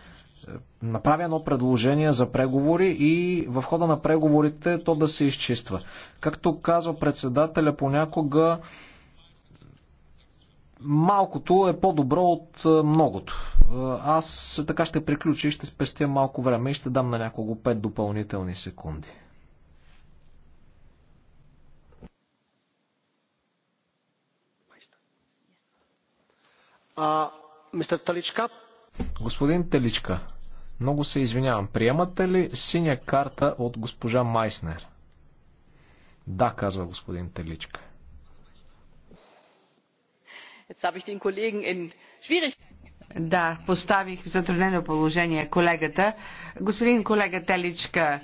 направя едно предложение за преговори и в хода на преговорите то да се изчиства. Както казва председателя, понякога малкото е по-добро от е, многото. Е, аз така ще приключа и ще спестя малко време и ще дам на някого 5 допълнителни секунди. А, мистер Таличка? Господин Теличка, много се извинявам. Приемате ли синя карта от госпожа Майснер? Да, казва господин Теличка. Да, поставих в затруднено положение колегата. Господин колега Теличка,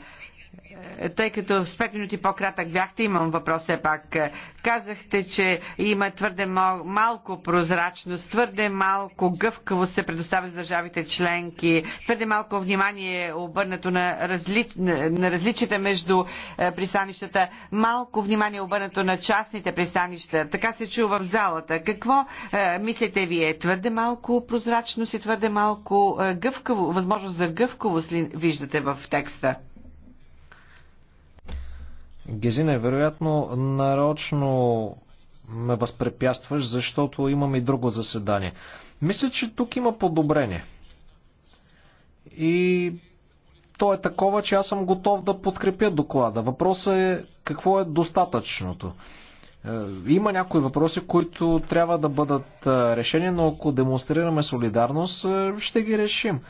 тъй като с 5 минути по-кратък бяхте, имам въпрос все пак. Казахте, че има твърде мал, малко прозрачност, твърде малко гъвкаво се предоставя за държавите членки, твърде малко внимание е обърнато на, разли, на различията между е, пристанищата, малко внимание е обърнато на частните пристанища. Така се чува в залата. Какво е, мислите вие? Твърде малко прозрачност и твърде малко е, гъвкаво, възможност за гъвкавост ли виждате в текста? Гезина, вероятно нарочно ме възпрепятстваш, защото имам и друго заседание. Мисля, че тук има подобрение. И то е такова, че аз съм готов да подкрепя доклада. Въпросът е какво е достатъчното. Е, има някои въпроси, които трябва да бъдат е, решени, но ако демонстрираме солидарност, е, ще ги решим.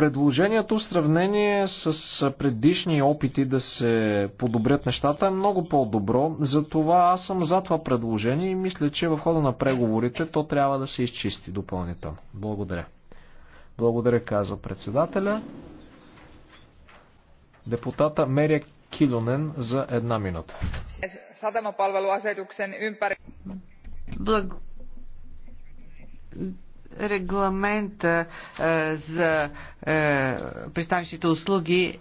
Предложението в сравнение с предишни опити да се подобрят нещата е много по-добро, затова аз съм за това предложение и мисля, че в хода на преговорите то трябва да се изчисти допълнително. Благодаря. Благодаря, казва председателя. Депутата Мерия Килонен за една минута. Благодаря регламента е, за е, пристанищните услуги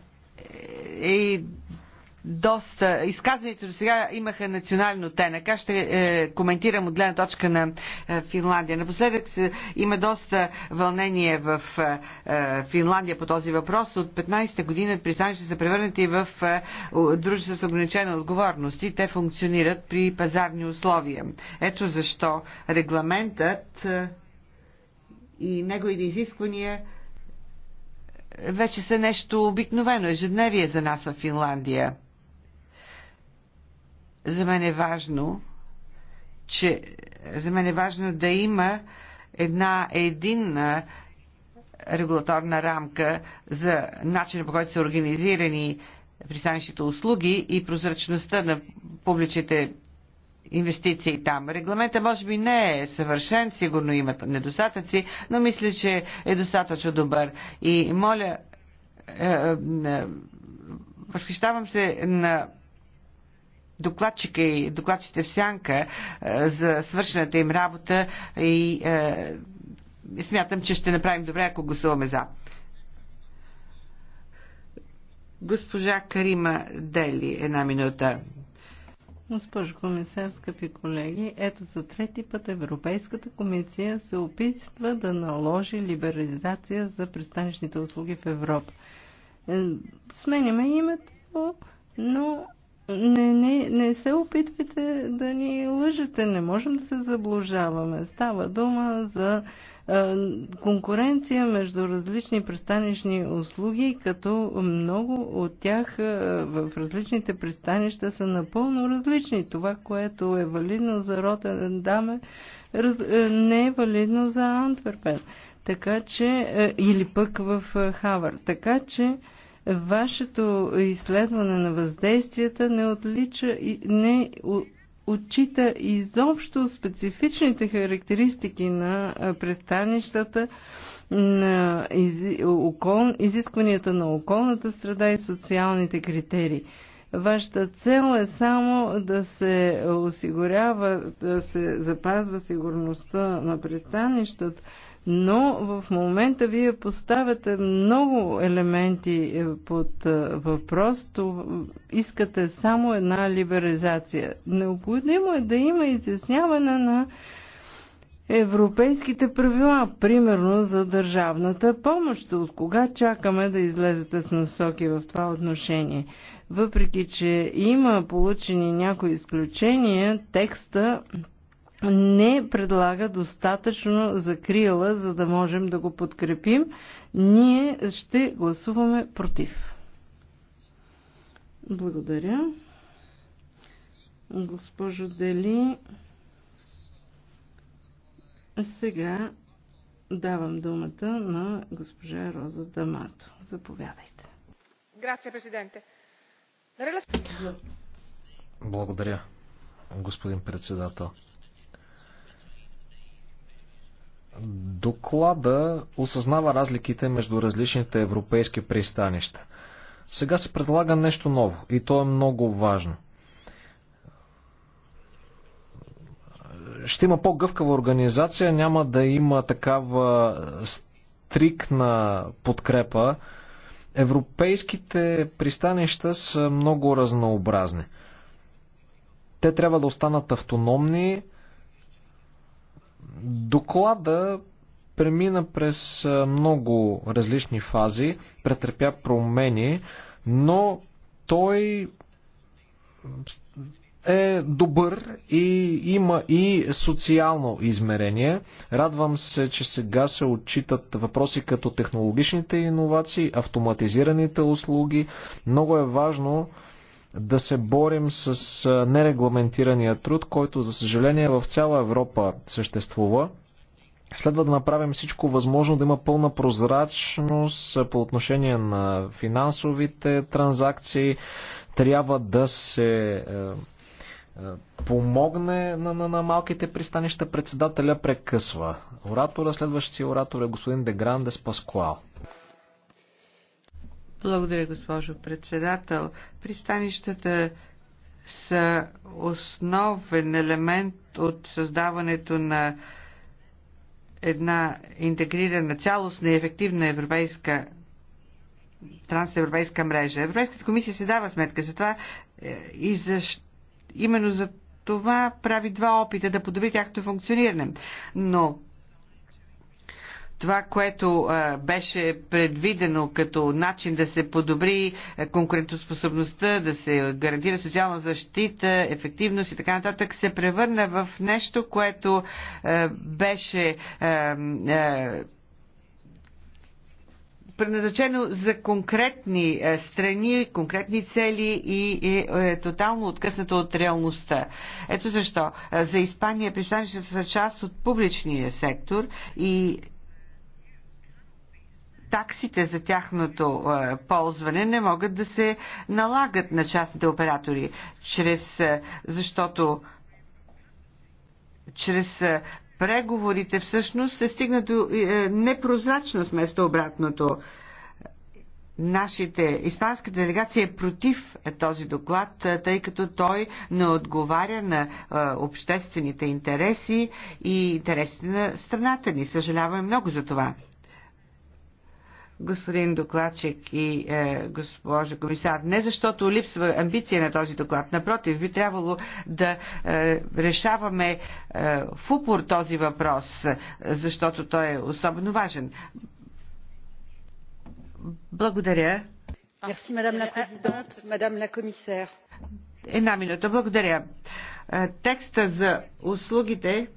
е, е доста. Изказването до сега имаха национален оттенък. Аз ще е, коментирам от гледна точка на е, Финландия. Напоследък се, има доста вълнение в е, е Финландия по този въпрос. От 15-та година пристанища са превърнати в е, дружества с ограничена отговорност и те функционират при пазарни условия. Ето защо регламентът. Е, и неговите изисквания вече са нещо обикновено, ежедневие за нас в Финландия. За мен е важно, че за мен е важно да има една единна регулаторна рамка за начина по който са организирани пристанищните услуги и прозрачността на публичните инвестиции там. Регламента може би не е съвършен, сигурно има недостатъци, но мисля, че е достатъчно добър. И моля, е, е, е възхищавам се на докладчика и докладчите в сянка е, за свършената им работа и е, смятам, че ще направим добре, ако гласуваме за. Госпожа Карима Дели, една минута. Госпожо комисар, скъпи колеги, ето за трети път Европейската комисия се опитва да наложи либерализация за пристанищните услуги в Европа. Е, сменяме името, но не, не, не се опитвайте да ни лъжете. Не можем да се заблужаваме. Става дума за е, конкуренция между различни пристанищни услуги, като много от тях е, в различните пристанища са напълно различни. Това, което е валидно за Ротен Даме, е, не е валидно за Антверпен. Така че, или пък в Хавър. Така че, вашето изследване на въздействията не, отлича, не отчита изобщо специфичните характеристики на пристанищата, на из... окол, изискванията на околната среда и социалните критерии. Вашата цел е само да се осигурява, да се запазва сигурността на пристанищата, но в момента вие поставяте много елементи е, под е, въпрос. То искате само една либерализация. Необходимо е да има изясняване на европейските правила, примерно за държавната помощ. От кога чакаме да излезете с насоки в това отношение? Въпреки, че има получени някои изключения, текста не предлага достатъчно закрила, за да можем да го подкрепим, ние ще гласуваме против. Благодаря. Госпожо Дели, сега давам думата на госпожа Роза Дамато. Заповядайте. Грация, президенте. Благодаря, господин председател. Доклада осъзнава разликите между различните европейски пристанища. Сега се предлага нещо ново и то е много важно. Ще има по-гъвкава организация, няма да има такава стрикна подкрепа. Европейските пристанища са много разнообразни. Те трябва да останат автономни, Доклада премина през много различни фази, претърпя промени, но той е добър и има и социално измерение. Радвам се, че сега се отчитат въпроси като технологичните иновации, автоматизираните услуги. Много е важно да се борим с нерегламентирания труд, който за съжаление в цяла Европа съществува. Следва да направим всичко възможно да има пълна прозрачност по отношение на финансовите транзакции. Трябва да се помогне на, на, на малките пристанища, председателя прекъсва. Оратора, следващия оратор е господин Дегранде Паскуал. Благодаря, госпожо председател. Пристанищата са основен елемент от създаването на една интегрирана, цялостна и ефективна европейска трансевропейска мрежа. Европейската комисия се дава сметка за това е, и за, именно за това прави два опита да подобри тяхното функциониране. Но това, което беше предвидено като начин да се подобри конкурентоспособността, да се гарантира социална защита, ефективност и така нататък, се превърна в нещо, което беше предназначено за конкретни страни, конкретни цели и е, е тотално откъснато от реалността. Ето защо за Испания пристанищата са част от публичния сектор и таксите за тяхното е, ползване не могат да се налагат на частните оператори, чрез, е, защото чрез е, преговорите всъщност се стигна до непрозрачност вместо обратното. Нашите, испанската делегация е против този доклад, тъй като той не отговаря на обществените интереси и интересите на страната ни. Съжаляваме много за това господин докладчик и е, госпожа комисар. Не защото липсва амбиция на този доклад. Напротив, би трябвало да е, решаваме е, в упор този въпрос, защото той е особено важен. Благодаря. Мерси, мадам la президент, мадам la комисар. Една минута. Благодаря. Е, текста за услугите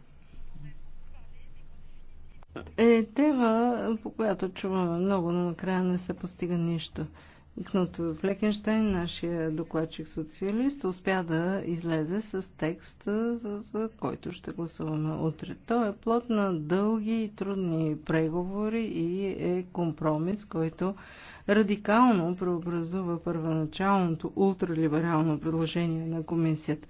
е тема, по която чуваме много, но накрая не се постига нищо. Кнут Флекенштейн, нашия докладчик социалист, успя да излезе с текст, за, за който ще гласуваме утре. Той е плод на дълги и трудни преговори и е компромис, който радикално преобразува първоначалното ултралиберално предложение на комисията.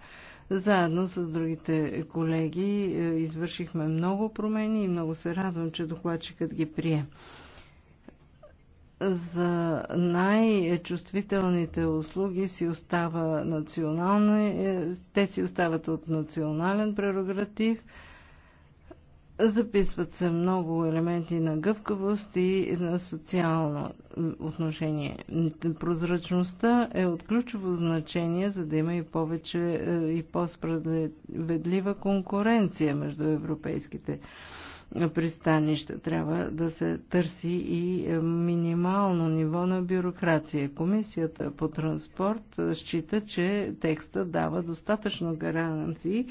Заедно с другите колеги е, извършихме много промени и много се радвам, че докладчикът ги прие. За най-чувствителните услуги си остава национални, е, те си остават от национален прерогатив – Записват се много елементи на гъвкавост и на социално отношение. Прозрачността е от ключово значение, за да има и повече е, и по-справедлива конкуренция между европейските пристанища. Трябва да се търси и е, минимално ниво на бюрокрация. Комисията по транспорт е, счита, че текста дава достатъчно гаранции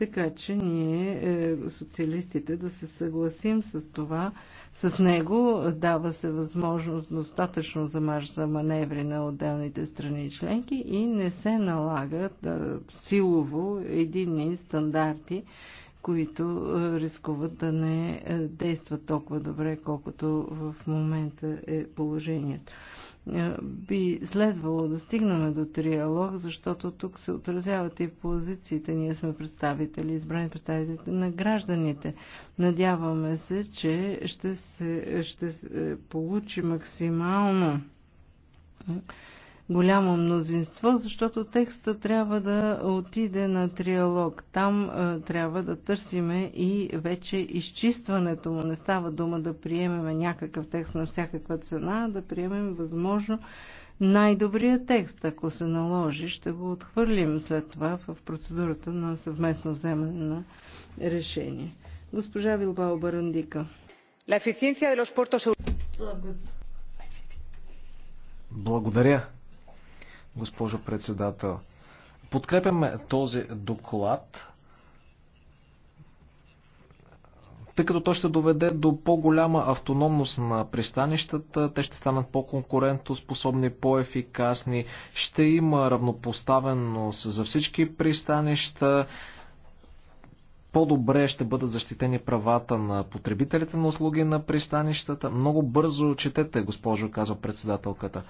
така че ние, е, социалистите, да се съгласим с това, с него дава се възможност достатъчно за марш за маневри на отделните страни членки и не се налагат е, силово единни стандарти, които е, рискуват да не действат толкова добре, колкото в момента е положението. Е, би следвало да стигнем до триалог, защото тук се отразяват и позициите. Ние сме представители, избрани представители на гражданите. Надяваме се, че ще се, ще се получи максимално голямо мнозинство, защото текста трябва да отиде на триалог. Там а, е, трябва да търсиме и вече изчистването му. Не става дума да приемем някакъв текст на всякаква цена, а да приемем възможно най-добрия текст. Ако се наложи, ще го отхвърлим след това в процедурата на съвместно вземане на решение. Госпожа Вилбао Барандика. Благодаря госпожо председател. Подкрепяме този доклад, тъй като то ще доведе до по-голяма автономност на пристанищата, те ще станат по-конкурентоспособни, по-ефикасни, ще има равнопоставеност за всички пристанища, по-добре ще бъдат защитени правата на потребителите на услуги на пристанищата. Много бързо четете, госпожо, казва председателката.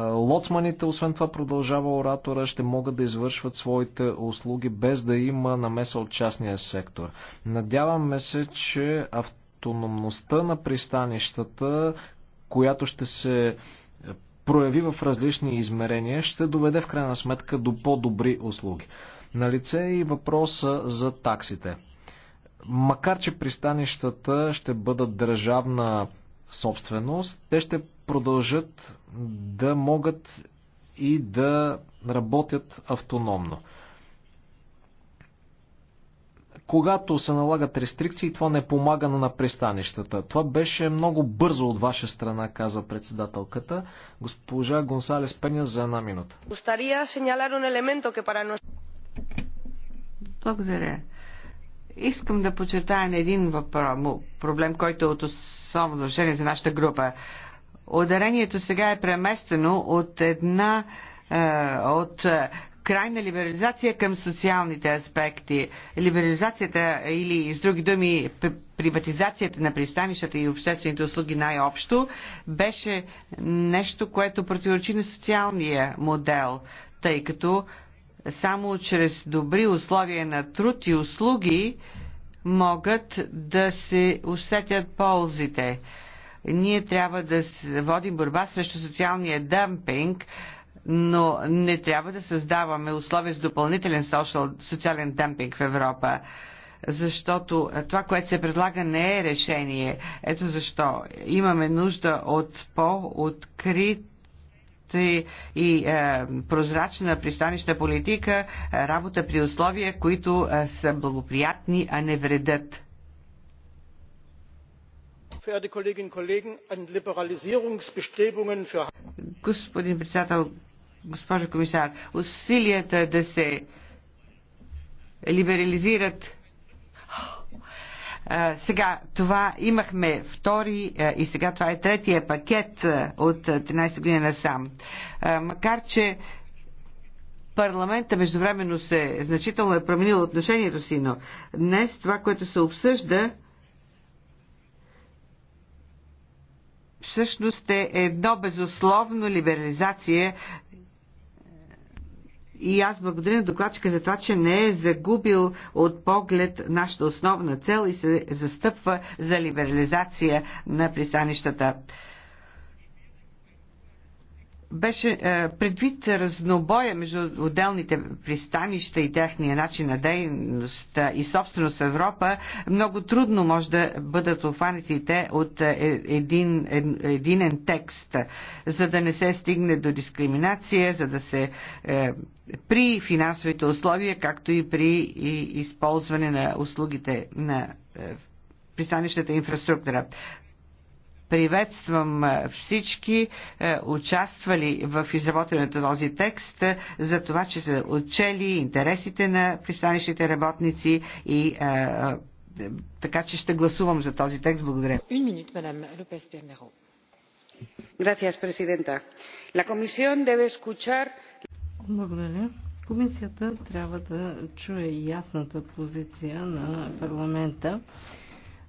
Лоцманите, освен това, продължава оратора, ще могат да извършват своите услуги без да има намеса от частния сектор. Надяваме се, че автономността на пристанищата, която ще се е, прояви в различни измерения, ще доведе в крайна сметка до по-добри услуги. Налице е и въпроса за таксите. Макар, че пристанищата ще бъдат държавна собственост, те ще продължат да могат и да работят автономно. Когато се налагат рестрикции, това не помага на пристанищата. Това беше много бързо от ваша страна, каза председателката. Госпожа Гонсалес Пеня за една минута. Благодаря. Искам да подчертая на един въпрос, проблем, който е от особено значение за нашата група. Ударението сега е преместено от една е, от е, крайна либерализация към социалните аспекти. Либерализацията или с други думи приватизацията на пристанищата и обществените услуги най-общо беше нещо, което противоречи на социалния модел, тъй като само чрез добри условия на труд и услуги могат да се усетят ползите. Ние трябва да водим борба срещу социалния дъмпинг, но не трябва да създаваме условия с допълнителен социален дъмпинг в Европа защото това, което се предлага, не е решение. Ето защо имаме нужда от по-открит и, и е, прозрачна пристанищна политика, е, работа при условия, които е, са благоприятни, а не вредят. Господин председател, госпожо комисар, усилията да се либерализират сега, това имахме втори и сега това е третия пакет от 13 години насам. Макар, че парламента междувременно се значително е променил отношението си, но днес това, което се обсъжда, всъщност е едно безусловно либерализация и аз благодаря на докладчика за това, че не е загубил от поглед нашата основна цел и се застъпва за либерализация на пристанищата беше е, предвид разнобоя между отделните пристанища и техния начин на дейност и собственост в Европа, много трудно може да бъдат обхванати те от е, един, е, единен текст, за да не се стигне до дискриминация, за да се при финансовите условия, както и при използване на услугите на пристанищата инфраструктура. Приветствам всички участвали в изработването на този текст за това, че са отчели интересите на пристанищните работници и така че ще гласувам за този текст. Благодаря. Благодаря. Комисията трябва да чуе ясната позиция на парламента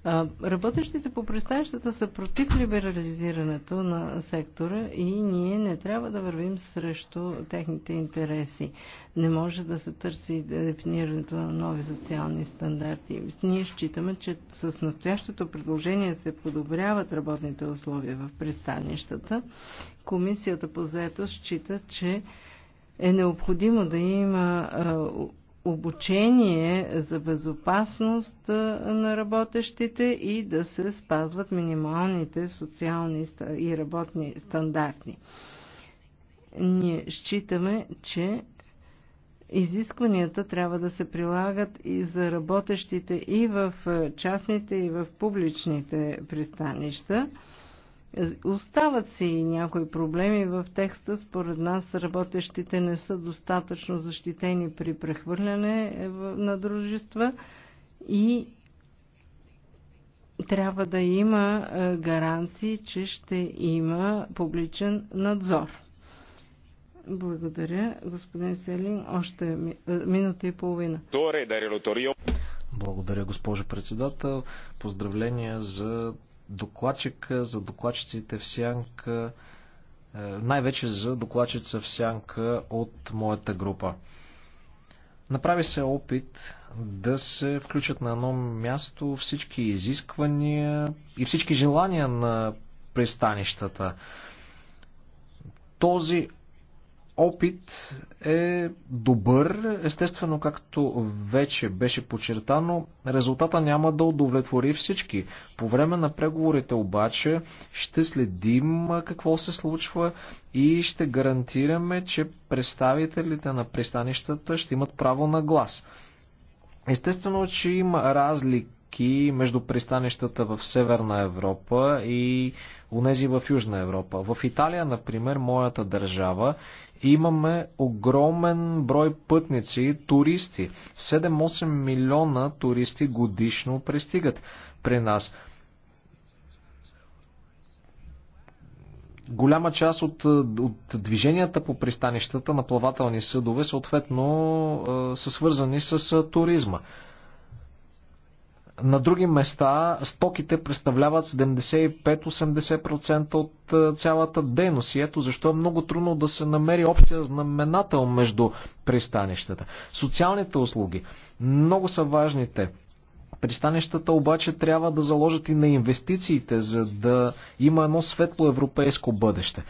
Работещите по пристанищата са против либерализирането на сектора и ние не трябва да вървим срещу техните интереси. Не може да се търси дефинирането на нови социални стандарти. Ние считаме, че с настоящото предложение се подобряват работните условия в пристанищата. Комисията по заето счита, че е необходимо да има обучение за безопасност на работещите и да се спазват минималните социални и работни стандарти. Ние считаме, че изискванията трябва да се прилагат и за работещите и в частните, и в публичните пристанища. Остават си и някои проблеми в текста. Според нас работещите не са достатъчно защитени при прехвърляне е, на дружества и трябва да има е, гаранции, че ще има публичен надзор. Благодаря, господин Селин. Още е, минута и половина. Благодаря, госпожо председател. Поздравления за докладчика, за докладчиците в сянка, е, най-вече за докладчица в сянка от моята група. Направи се опит да се включат на едно място всички изисквания и всички желания на пристанищата. Този опит е добър. Естествено, както вече беше подчертано, резултата няма да удовлетвори всички. По време на преговорите обаче ще следим какво се случва и ще гарантираме, че представителите на пристанищата ще имат право на глас. Естествено, че има разлики връзки между пристанищата в Северна Европа и унези в Южна Европа. В Италия, например, моята държава, имаме огромен брой пътници, туристи. 7-8 милиона туристи годишно пристигат при нас. голяма част от, от движенията по пристанищата на плавателни съдове съответно е, са свързани с е, туризма. На други места стоките представляват 75-80% от е, цялата дейност и ето защо е много трудно да се намери общия знаменател между пристанищата. Социалните услуги много са важните. Пристанищата обаче трябва да заложат и на инвестициите, за да има едно светло европейско бъдеще.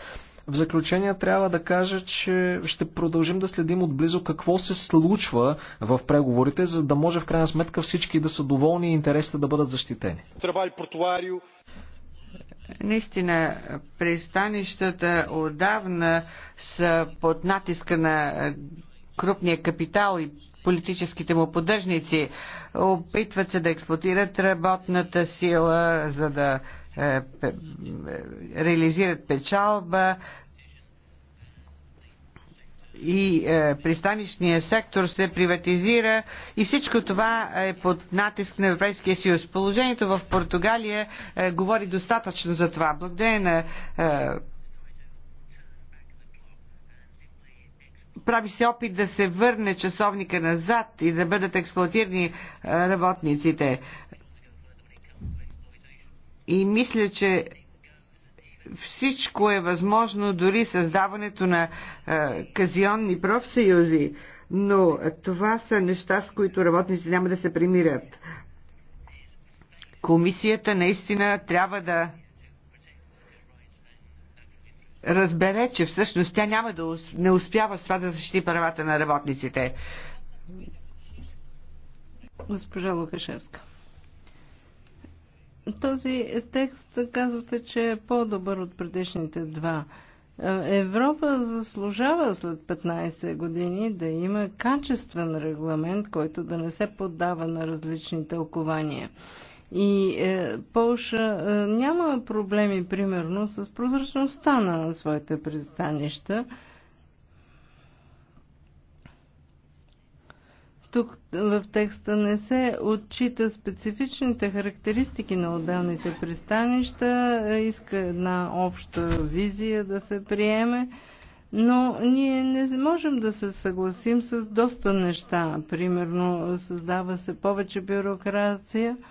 В заключение трябва да кажа, че ще продължим да следим отблизо какво се случва в преговорите, за да може в крайна сметка всички да са доволни и интересите да бъдат защитени. Наистина, пристанищата отдавна са под натиска на крупния капитал и политическите му поддръжници. Опитват се да експлуатират работната сила, за да е, е, реализират печалба и е, пристанищния сектор се приватизира и всичко това е под натиск на Европейския съюз. Положението в Португалия е, говори достатъчно за това. Благодаря на е, прави се опит да се върне часовника назад и да бъдат експлуатирани е, работниците. И мисля, че всичко е възможно, дори създаването на а, казионни профсъюзи, но това са неща, с които работници няма да се примирят. Комисията наистина трябва да разбере, че всъщност тя няма да не успява с това да защити правата на работниците. Госпожа Лукашевска. Този текст казвате, че е по-добър от предишните два. Е, Европа заслужава след 15 години да има качествен регламент, който да не се поддава на различни тълкования. И е, Полша е, няма проблеми, примерно, с прозрачността на своите пристанища. Тук в текста не се отчита специфичните характеристики на отделните пристанища. Иска една обща визия да се приеме, но ние не можем да се съгласим с доста неща. Примерно създава се повече бюрокрация –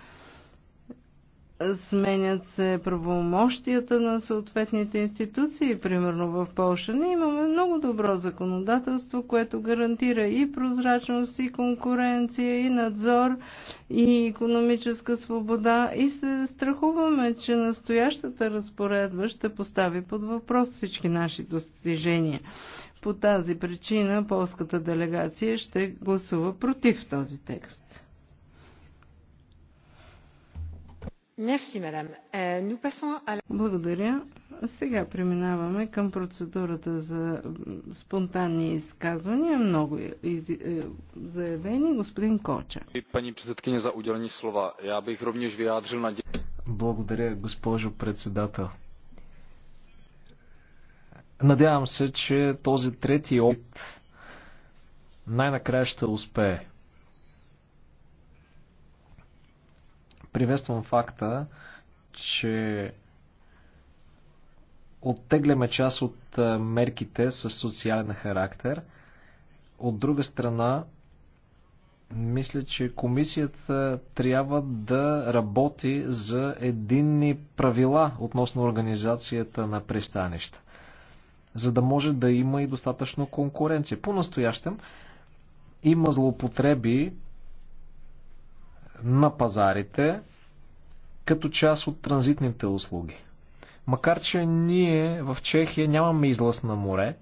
сменят се правомощията на съответните институции, примерно в Польша. Ние имаме много добро законодателство, което гарантира и прозрачност, и конкуренция, и надзор, и економическа свобода. И се страхуваме, че настоящата разпоредба ще постави под въпрос всички наши достижения. По тази причина полската делегация ще гласува против този текст. Euh, Благодаря. Сега преминаваме към процедурата за спонтанни изказвания. Много е е, заявени. Господин Коча. Пани председкиня за уделени слова. Я бих ровнеж виадрил на... Благодаря, госпожо председател. Надявам се, че този трети опит най-накрая ще успее. Приветствам факта, че оттегляме част от мерките с социален характер. От друга страна, мисля, че комисията трябва да работи за единни правила относно организацията на пристанища, за да може да има и достатъчно конкуренция. По-настоящем има злоупотреби на пазарите като част от транзитните услуги. Макар, че ние в Чехия нямаме излъз на море,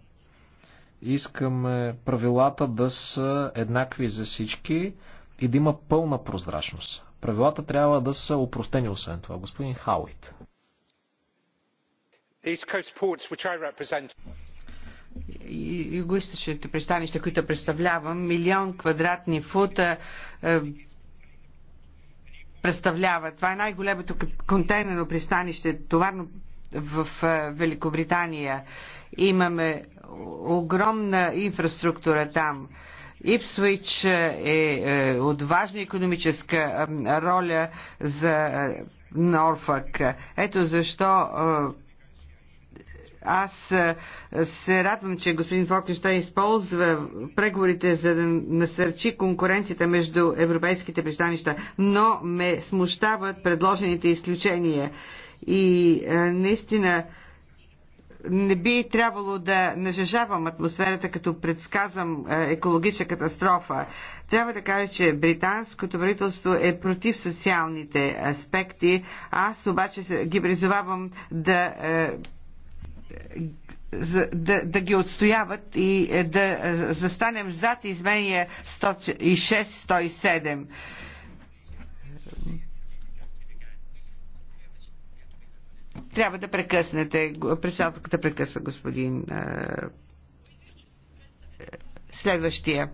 искаме правилата да са еднакви за всички и да има пълна прозрачност. Правилата трябва да са упростени освен това. Господин Хауит. Югоисточните пристанища, които представлявам, милион квадратни фута представлява. Това е най-големото контейнерно пристанище, товарно в е, Великобритания. Имаме огромна инфраструктура там. Ипсвич е, е от важна економическа роля за е, Норфък. Ето защо аз се радвам, че господин Фолкенштайн използва преговорите за да насърчи конкуренцията между европейските пристанища, но ме смущават предложените изключения. И наистина не би трябвало да нажежавам атмосферата, като предсказвам екологична катастрофа. Трябва да кажа, че британското правителство е против социалните аспекти. Аз обаче ги призовавам да за, да, да ги отстояват и е, да е, застанем зад изменя 106-107. Трябва да прекъснете. Председателката прекъсва господин. Е, следващия.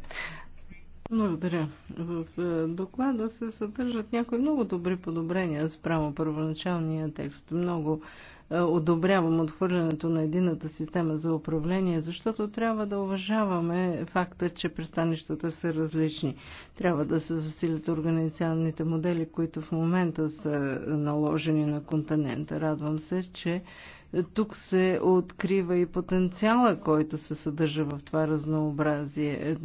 Благодаря. В доклада се съдържат някои много добри подобрения спрямо първоначалния текст. Много е, одобрявам отхвърлянето на едината система за управление, защото трябва да уважаваме факта, че пристанищата са различни. Трябва да се засилят организационните модели, които в момента са наложени на континента. Радвам се, че тук се открива и потенциала, който се съдържа в това разнообразие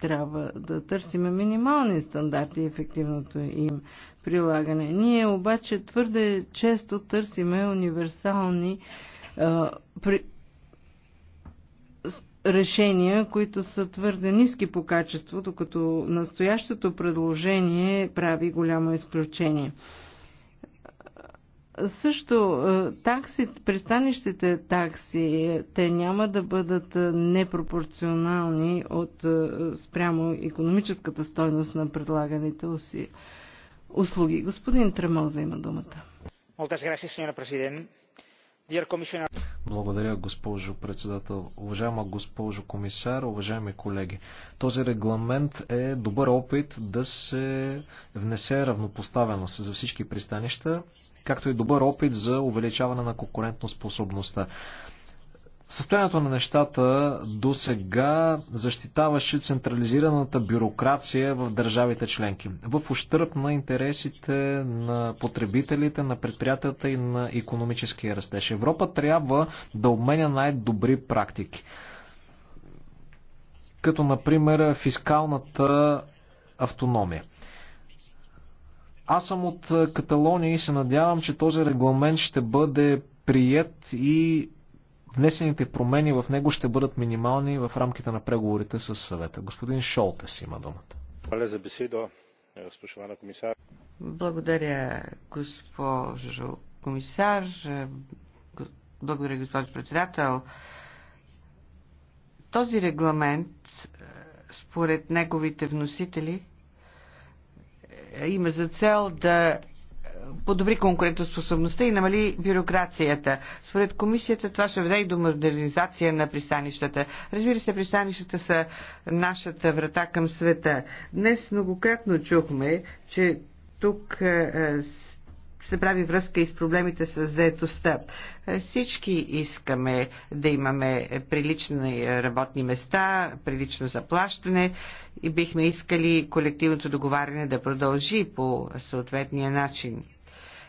трябва да търсиме минимални стандарти и ефективното им прилагане. Ние обаче твърде често търсиме универсални а, при... решения, които са твърде ниски по качество, докато настоящото предложение прави голямо изключение. Също е, такси, пристанищите такси, те няма да бъдат е, непропорционални от е, спрямо економическата стойност на предлаганите услуги. Господин Тремоза има думата. Благодаря, gràcies, президент. Dear Commissioner... Благодаря, госпожо председател. Уважаема госпожо комисар, уважаеми колеги, този регламент е добър опит да се внесе равнопоставеност за всички пристанища, както и добър опит за увеличаване на конкурентоспособността. Състоянието на нещата до сега защитаваше централизираната бюрокрация в държавите членки, в ущърп на интересите на потребителите, на предприятията и на економическия растеж. Европа трябва да обменя най-добри практики, като например фискалната автономия. Аз съм от Каталония и се надявам, че този регламент ще бъде прият и Внесените промени в него ще бъдат минимални в рамките на преговорите с съвета. Господин Шолтес има думата. Благодаря за беседо, спошвана комисар. Благодаря, госпожо комисар. Благодаря, госпожо председател. Този регламент, според неговите вносители, има за цел да подобри конкурентоспособността и намали бюрокрацията. Според комисията това ще веде и до модернизация на пристанищата. Разбира се, пристанищата са нашата врата към света. Днес многократно чухме, че тук е, е, се прави връзка и с проблемите с заетостта. Е, всички искаме да имаме прилични работни места, прилично заплащане и бихме искали колективното договаряне да продължи по съответния начин.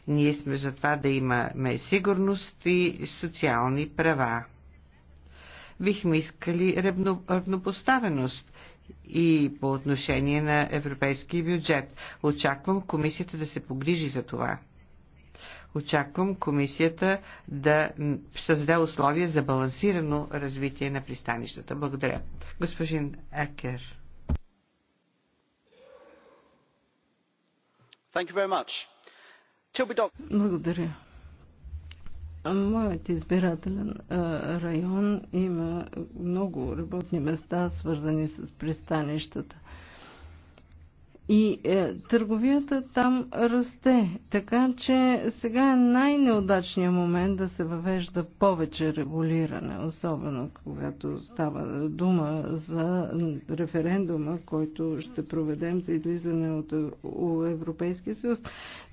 Ние сме за това да имаме сигурност и социални права. Бихме искали равнопоставеност и по отношение на европейския бюджет. Очаквам комисията да се погрижи за това. Очаквам комисията да създаде условия за балансирано развитие на пристанищата. Благодаря. Господин Екер. Thank you very much. Благодаря. Моят избирателен район има много работни места, свързани с пристанищата. И е, търговията там расте, така че сега е най-неудачният момент да се въвежда повече регулиране, особено когато става дума за референдума, който ще проведем за излизане от Европейския съюз.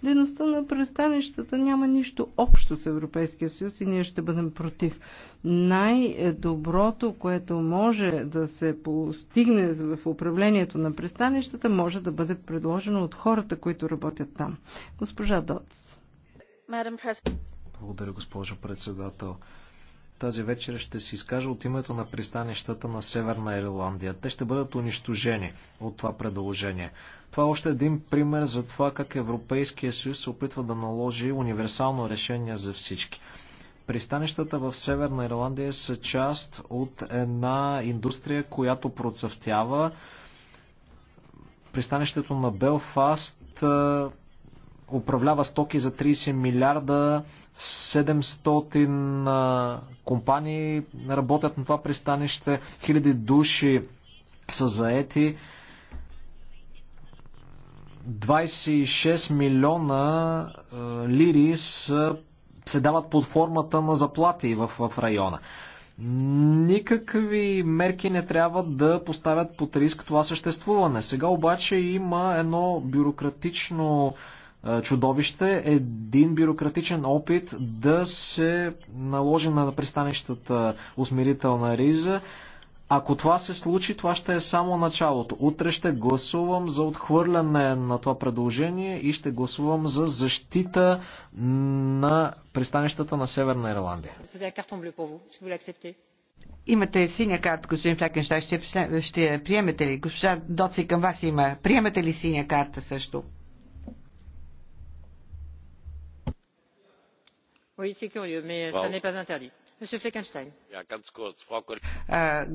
Дейността на престанищата няма нищо общо с Европейския съюз и ние ще бъдем против най-доброто, което може да се постигне в управлението на пристанищата, може да бъде предложено от хората, които работят там. Госпожа Доц. Благодаря, госпожо председател. Тази вечер ще се изкажа от името на пристанищата на Северна Ирландия. Те ще бъдат унищожени от това предложение. Това е още един пример за това как Европейския съюз се опитва да наложи универсално решение за всички. Пристанищата в Северна Ирландия са част от една индустрия, която процъфтява. Пристанището на Белфаст управлява стоки за 30 милиарда, 700 компании работят на това пристанище, хиляди души са заети. 26 милиона лири са се дават под формата на заплати в, в района. Никакви мерки не трябва да поставят под риск това съществуване. Сега обаче има едно бюрократично е, чудовище, един бюрократичен опит да се наложи на пристанищата усмирителна риза. Ако това се случи, това ще е само началото. Утре ще гласувам за отхвърляне на това предложение и ще гласувам за защита на пристанищата на Северна Ирландия. Имате синя карта, господин Флекенштай. Ще, ще приемете ли? Госпожа Доци към вас има. Приемате ли синя карта също? Oui, c'est curieux, mais ça n'est pas interdit.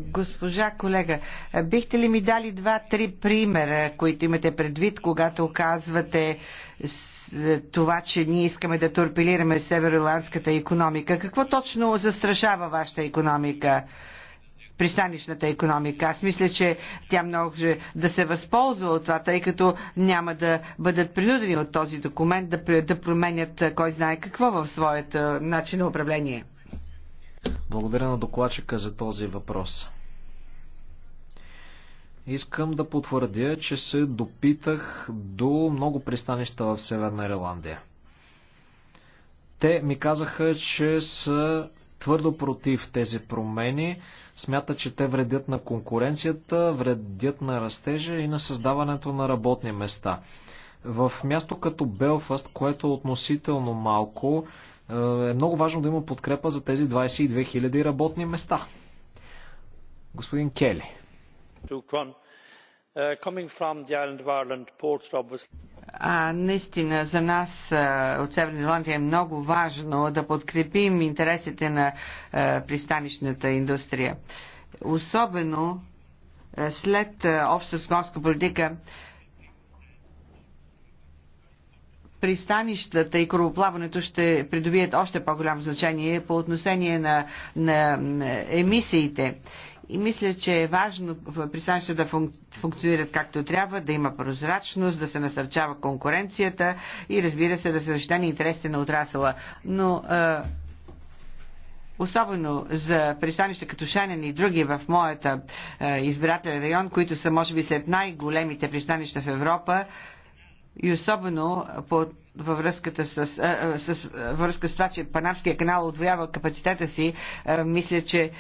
Госпожа колега, бихте ли ми дали два-три примера, които имате предвид, когато казвате е, това, че ние искаме да торпилираме североирландската економика? Какво точно застрашава вашата економика? пристанищната економика. Аз мисля, че тя много да се възползва от това, тъй като няма да бъдат принудени от този документ да, да променят кой знае какво в своят начин на управление. Благодаря на докладчика за този въпрос. Искам да потвърдя, че се допитах до много пристанища в Северна Ирландия. Те ми казаха, че са твърдо против тези промени, Смята, че те вредят на конкуренцията, вредят на растежа и на създаването на работни места. В място като Белфаст, което е относително малко, е, е много важно да има подкрепа за тези 22 000 работни места. Господин Кели. Е, а, наистина за нас е, от Северна Ирландия е много важно да подкрепим интересите на а, пристанищната индустрия. Особено след обща скотска политика пристанищата и корабоплаването ще придобият още по-голямо значение по отношение на, на, емисиите. И мисля, че е важно пристанищата да функ, функционират както трябва, да има прозрачност, да се насърчава конкуренцията и разбира се да се защитени интересите на отрасъла. Но е, особено за пристанища като Шанен и други в моята е, избирателен район, които са може би след най-големите пристанища в Европа, и особено по, във, връзката с, а, с, във връзка с това, че Панамския канал отвоява капацитета си, а, мисля, че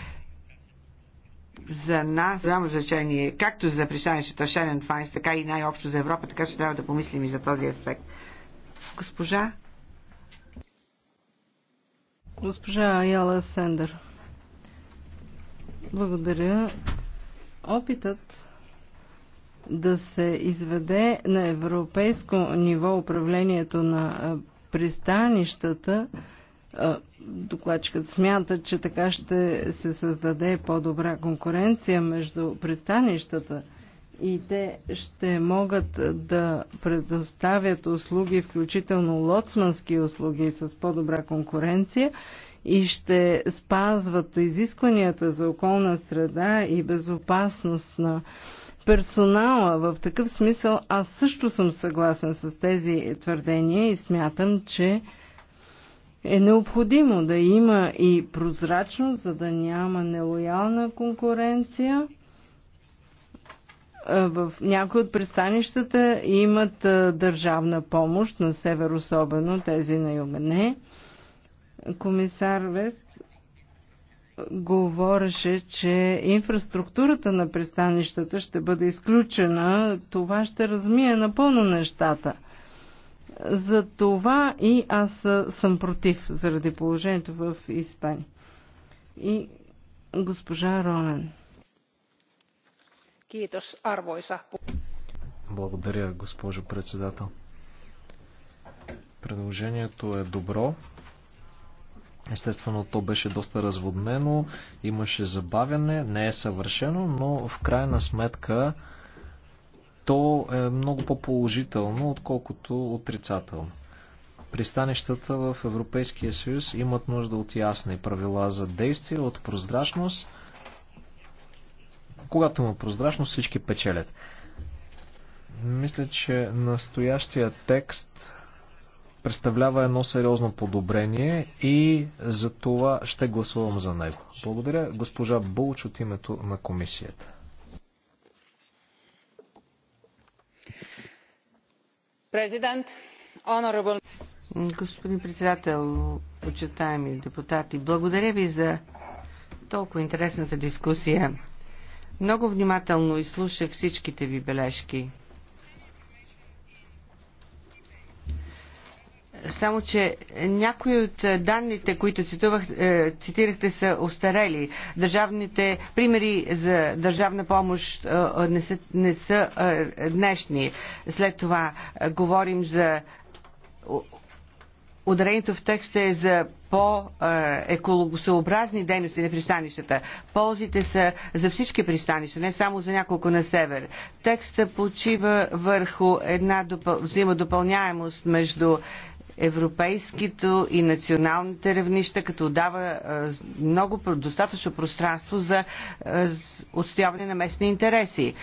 за нас голямо значение, както за пристанищата в Шенен Файнс, така и най-общо за Европа, така че трябва да помислим и за този аспект. Госпожа? Госпожа Аяла Сендер. Благодаря. Опитът да се изведе на европейско ниво управлението на пристанищата, докладчикът смята, че така ще се създаде по-добра конкуренция между пристанищата и те ще могат да предоставят услуги, включително лоцмански услуги с по-добра конкуренция и ще спазват изискванията за околна среда и безопасност на персонала. В такъв смисъл аз също съм съгласен с тези твърдения и смятам, че е необходимо да има и прозрачност, за да няма нелоялна конкуренция. В някои от пристанищата имат държавна помощ, на север особено, тези на юмене, не. Комисар Вест, говореше, че инфраструктурата на пристанищата ще бъде изключена, това ще размие напълно нещата. За това и аз съм против, заради положението в Испания. И госпожа Ронен. Благодаря, госпожо председател. Предложението е добро. Естествено, то беше доста разводнено, имаше забавяне, не е съвършено, но в крайна сметка то е много по-положително, отколкото отрицателно. Пристанищата в Европейския съюз имат нужда от ясни правила за действие, от прозрачност. Когато има прозрачност, всички печелят. Мисля, че настоящия текст представлява едно сериозно подобрение и за това ще гласувам за него. Благодаря госпожа Булч от името на комисията. Президент, honorable... Господин председател, почитаеми депутати, благодаря ви за толкова интересната дискусия. Много внимателно изслушах всичките ви бележки. Само, че някои от данните, които цитувах, е, цитирахте, са устарели. Държавните примери за държавна помощ е, не са, не са е, днешни. След това говорим за Ударението в текста е за по-екологосъобразни дейности на пристанищата. Ползите са за всички пристанища, не само за няколко на север. Текста почива върху една допъл... взаимодопълняемост между европейските и националните равнища, като дава е, много достатъчно пространство за е, отстояване на местни интереси.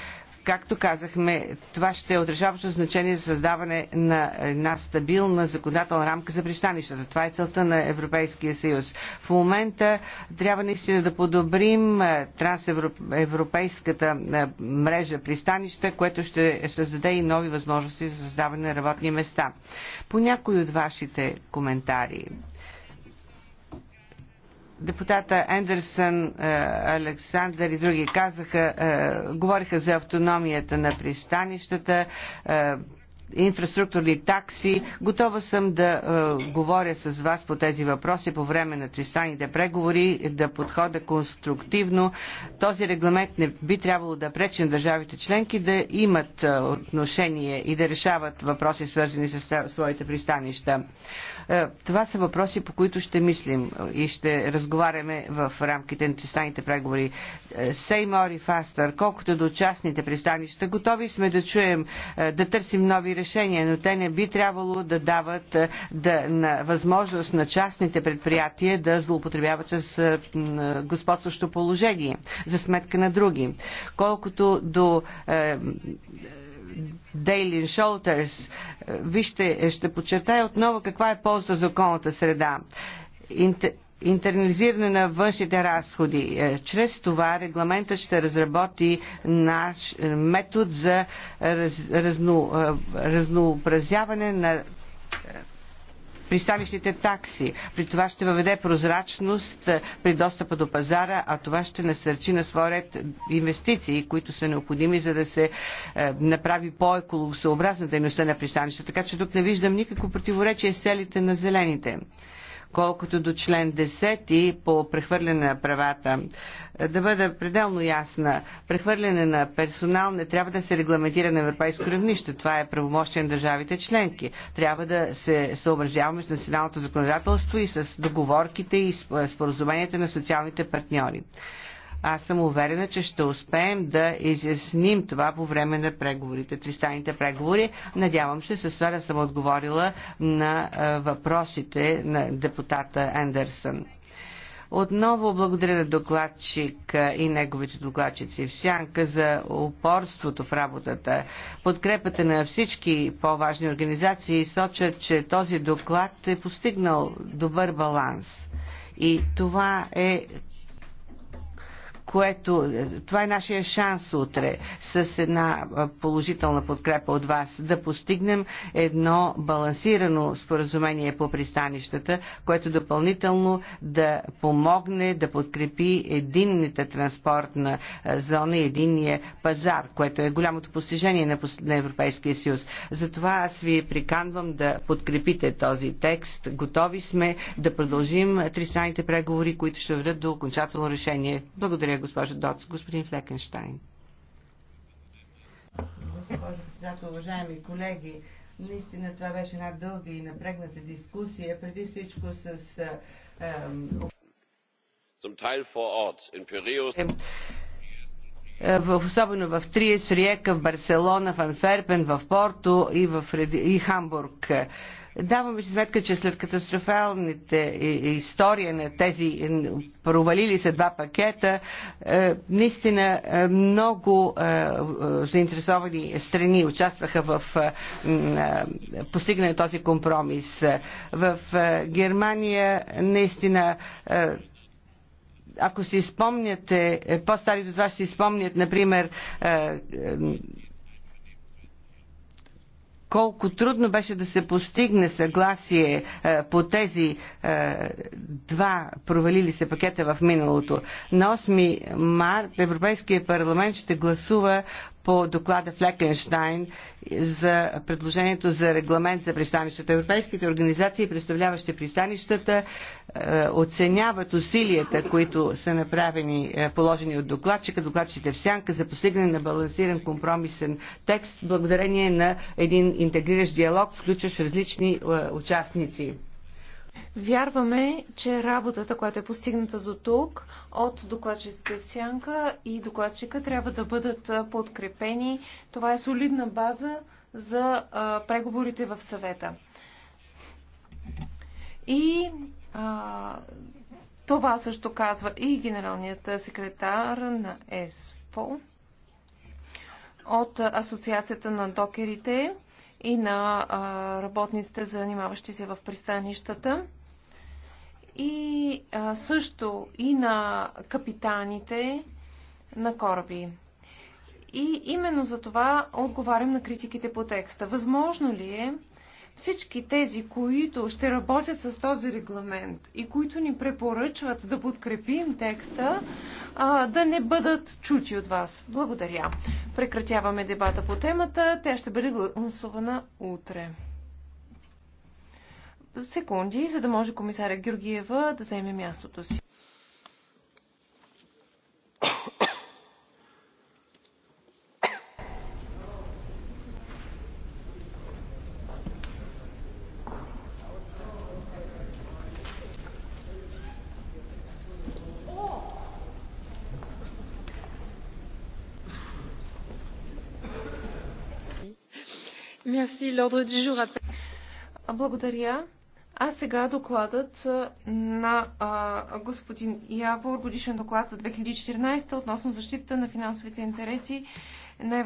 Както казахме, това ще е отрешаващо значение за създаване на една стабилна законодателна рамка за пристанищата. Това е целта на Европейския съюз. В момента трябва наистина да подобрим е, трансевропейската е, мрежа пристанища, което ще създаде и нови възможности за създаване на работни места. По някои от вашите коментари депутата Ендерсън, е, Александър и други казаха, е, говориха за автономията на пристанищата, е, инфраструктурни такси. Готова съм да е, говоря с вас по тези въпроси по време на тристранните преговори, да подхода конструктивно. Този регламент не би трябвало да пречи на държавите членки да имат е, отношение и да решават въпроси, свързани с своите пристанища. Е, това са въпроси, по които ще мислим и ще разговаряме в рамките на тристранните преговори. Е, Сей и Фастър, колкото до частните пристанища, готови сме да чуем, е, да търсим нови решения решение, но те не би трябвало да дават е, да, на възможност на частните предприятия да злоупотребяват с е, е, господстващо положение за сметка на други. Колкото до е, Daily Shelters, вижте, ще подчертая отново каква е полза за околната среда интернализиране на външните разходи. Е, чрез това регламентът ще разработи наш е, метод за раз, разно, е, разнообразяване на пристанищните такси. При това ще въведе прозрачност при достъпа до пазара, а това ще насърчи на своя ред инвестиции, които са необходими, за да се направи по-екологосъобразна дейността на пристанища. Така че тук не виждам никакво противоречие с целите на зелените. Колкото до член 10 по прехвърляне на правата, да бъда пределно ясна, прехвърляне на персонал не трябва да се регламентира на европейско равнище. Това е правомощие на държавите членки. Трябва да се съобразяваме с националното законодателство и с договорките и споразуменията на социалните партньори. Аз съм уверена, че ще успеем да изясним това по време на преговорите, тристаните преговори. Надявам се с това да съм отговорила на въпросите на депутата Ендерсън. Отново благодаря на докладчик и неговите докладчици в Сянка за упорството в работата. Подкрепата на всички по-важни организации сочат, че този доклад е постигнал добър баланс. И това е което, това е нашия шанс утре с една положителна подкрепа от вас да постигнем едно балансирано споразумение по пристанищата, което допълнително да помогне да подкрепи единната транспортна зона и единния пазар, което е голямото постижение на Европейския съюз. Затова аз ви приканвам да подкрепите този текст. Готови сме да продължим тристранните преговори, които ще ведат до окончателно решение. Благодаря благодаря, госпожа Доц. Господин Флекенштайн. Госпожо председател, уважаеми колеги, наистина това беше една дълга и напрегната дискусия, преди всичко с е, е, В, особено в Триес, в Риека, в Барселона, в Анферпен, в Порто и в и Хамбург. Даваме си сметка, че след катастрофалните история на тези провалили се два пакета, е, наистина е, много е, заинтересовани страни участваха в постигане този компромис. В Германия наистина ако си спомняте, по-старите от вас си спомнят, например, колко трудно беше да се постигне съгласие е, по тези е, два провалили се пакета в миналото. На 8 март Европейския парламент ще гласува по доклада Флекенштайн за предложението за регламент за пристанищата. Европейските организации, представляващи пристанищата, е, оценяват усилията, които са направени, е, положени от докладчика, докладчите в сянка за постигане на балансиран компромисен текст, благодарение на един интегриращ диалог, включващ различни е, участници. Вярваме, че работата, която е постигната до тук от докладчиците в Сянка и докладчика трябва да бъдат подкрепени. Това е солидна база за а, преговорите в съвета. И а, това също казва и генералният секретар на ЕСФО от Асоциацията на докерите и на работниците, занимаващи се в пристанищата. И също и на капитаните на кораби. И именно за това отговарям на критиките по текста. Възможно ли е всички тези, които ще работят с този регламент и които ни препоръчват да подкрепим текста, да не бъдат чути от вас. Благодаря. Прекратяваме дебата по темата. Тя ще бъде гласувана утре. Секунди, за да може комисаря Георгиева да заеме мястото си. Благодаря. А сега докладът на а, господин Явор, годишен доклад за 2014 относно защита на финансовите интереси на